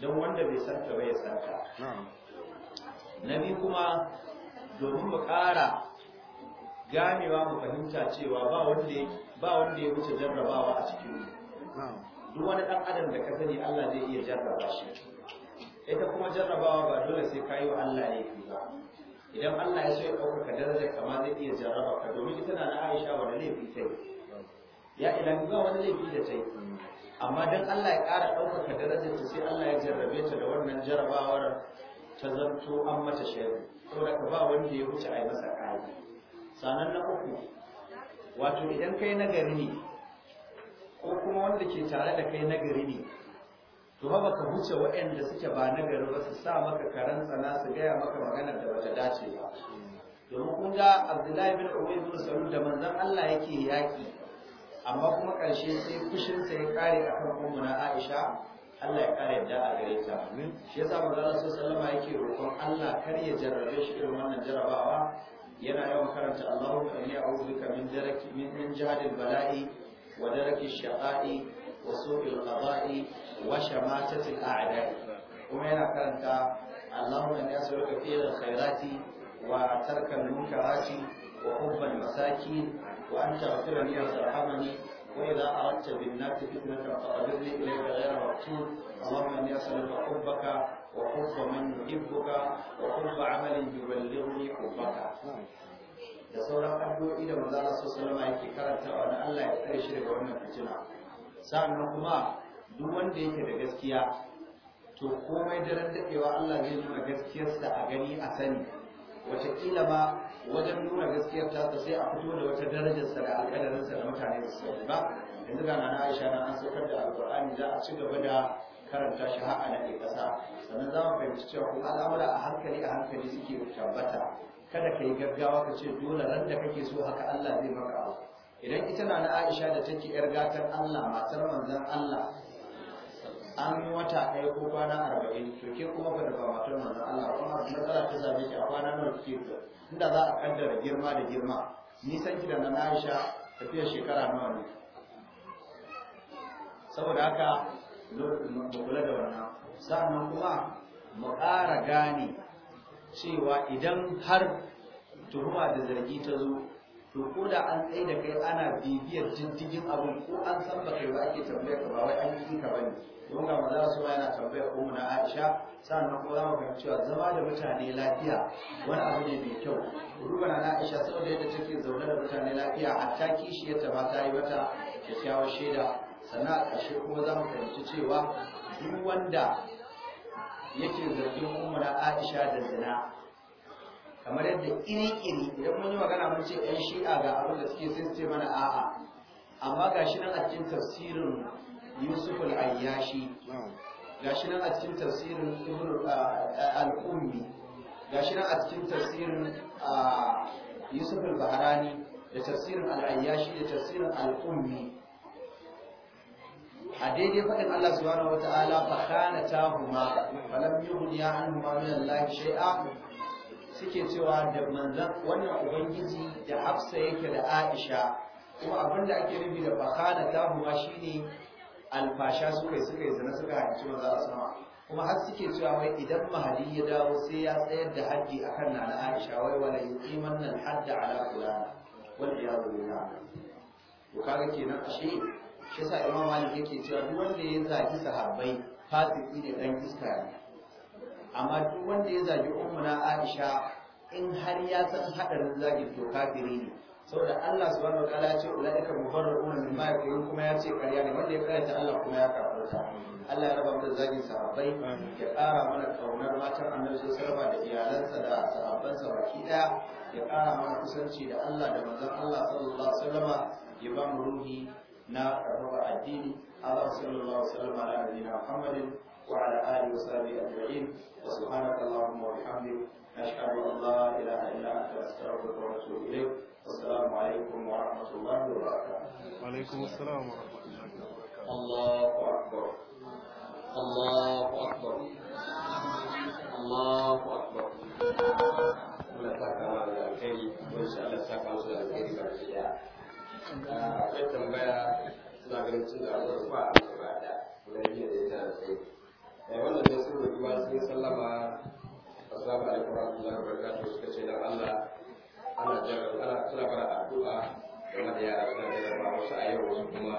don wanda bai san ta bai san ta na kuma domin mu ƙara ganewa mu fahimta cewa ba wanda ba wanda ya wuce jarrabawa a cikin mu duk wani ɗan adam da ka sani Allah zai iya jarraba shi ita kuma jarrabawa ba dole sai ka yi wa Allah ne ba idan Allah ya so ya ɗaukaka darajar kama zai iya jarraba ka domin ita na na Aisha wani laifi ta ya idan ba wani laifi da ta amma dan Allah ya ƙara ɗaukaka darajar ta sai Allah ya jarrabe ta da wannan jarrabawar ta zanto an mata shari da ka ba wanda ya wuce a yi masa ƙari sanan na uku wato idan kai nagari ne ko kuma wanda ke tare da kai nagari ne to ba ka wuce waɗanda suke ba na gari ba su sa maka karan na su gaya maka maganar da bata dace ba domin kun ga abdullahi bin umar bin salul da manzon Allah yake yaki amma kuma ƙarshe sai kushinsa ya kare akan ummuna Aisha Allah ya kare da a gare ta shi yasa manzon Allah sallallahu alaihi yake roƙon Allah kar ya jarrabe shi irin wannan jarrabawa yana yawan karanta Allahumma inni a bika min daraki min jahadil bala'i wa daraki shaqa'i وسوء القضاء وشماتة الأعداء وما كانت اللهم إني أسألك فعل الخيرات وترك المنكرات وحب المساكين وأن تغفر لي وترحمني وإذا أردت بالناس فتنة فقبلني إليك غير مقتول اللهم إني أسألك حبك وحب من يحبك وحب عمل يبلغني حبك da sauran addu'o'i da manzo Allah sallallahu alaihi wasallam yake karantawa na Allah ya tsare shi daga wannan fitina sannan kuma duk wanda yake da gaskiya to komai daren daɗewa Allah zai nuna gaskiyarsa a gani a sani wace kila ba wajen nuna gaskiyar tasa sai a fito da wata darajarsa da alƙadarinsa da mutane su sani ba yanzu ga na Aisha na an saukar da Alƙur'ani za a ci gaba da karanta shi har a nade ƙasa sannan za mu fahimci cewa kuma al'amura a hankali a hankali suke tabbata kada ka yi gaggawa ka ce dole ran da kake so haka Allah zai maka abu idan ita na na Aisha da take yar gatar Allah matar manzon Allah an wata ɗaya ko kwana arba'in to ke kuma ba da ba matar manzon Allah kuma matsala ta zabe ki a kwana nawa kike inda za a kaddara girma da girma nisan ki da na Aisha tafiya shekara nawa ne saboda haka kula da wannan sanan kuma mu ƙara gane cewa idan har tuhuma da zargi ta zo to ko da an tsaye da kai ana bibiyar jintigin abin ko an san ba kai ba ake tambayar ka ba wai an yi ka bane don ga maza su yana tambayar ko na Aisha sannan kuma zamu fahimci cewa zama da mutane lafiya wani abu ne mai kyau ruba na Aisha saboda yadda take zaune da mutane lafiya hatta yadda ba ta yi mata kyakkyawar shaida sannan a ƙarshe kuma za mu fahimci cewa duk wanda yake zargin umma na Aisha da zina kamar yadda iri-iri idan mun yi magana mun ce ɗan shi'a ga abin da suke sai su ce mana a'a amma ga shi nan a cikin tafsirin yusuf al-ayyashi ga shi nan a cikin tafsirin ibn uh, al-ummi ga shi nan a cikin tafsirin uh, yusuf al-baharani da tafsirin al-ayyashi da tafsirin al-ummi a daidai faɗin Allah subhanahu wa ta'ala fa khana tahuma falam yughni anhuma min Allah shay'a suke cewa da manzan wannan ubangiji da hafsa yake da aisha kuma abin da ake nufi da fakana ta huma shine alfasha suka yi suka yi zana suka haɗu maza a sama kuma har suke cewa wai idan mahali ya dawo sai ya tsayar da hajji akan na na aisha wai wala yuqiman nan hadda ala fulana wal iyadu billah to kaga kenan ashe shi yasa imam malik yake cewa duk wanda ya zaki sahabbai fasiki ne dan iska ne amma duk wanda ya zagi ummuna Aisha in har ya san hadarin zagin to kafiri ne saboda Allah subhanahu wataala ya ce ulaika mubarra'una mimma yaqulun kuma ya ce ƙarya ne wanda ya karanta Allah kuma ya kafarta Allah ya raba mu da zagin sahabbai ya ƙara mana kaunar matan Annabi sallallahu da iyalansa da sahabbansa baki ɗaya ya ƙara mana kusanci da Allah da manzon Allah sallallahu alaihi wasallama ya ba mu ruhi na karɓar addini Allah sallallahu alaihi wasallama ala nabiyina Muhammadin وعلى آله وصحبه أجمعين وسبحانك اللهم وبحمدك أشهد أن لا إله إلا أنت أستغفرك وأتوب إليك والسلام عليكم ورحمة الله وبركاته وعليكم السلام ورحمة الله وبركاته الله أكبر الله أكبر الله أكبر Thank you. eh wannan da sun rubuwa sun sallama assalamu alaikum warahmatullahi wabarakatuh suka ce dan Allah ana jarraba ana bara addu'a game da yara suna jarraba wasu a yau wasu kuma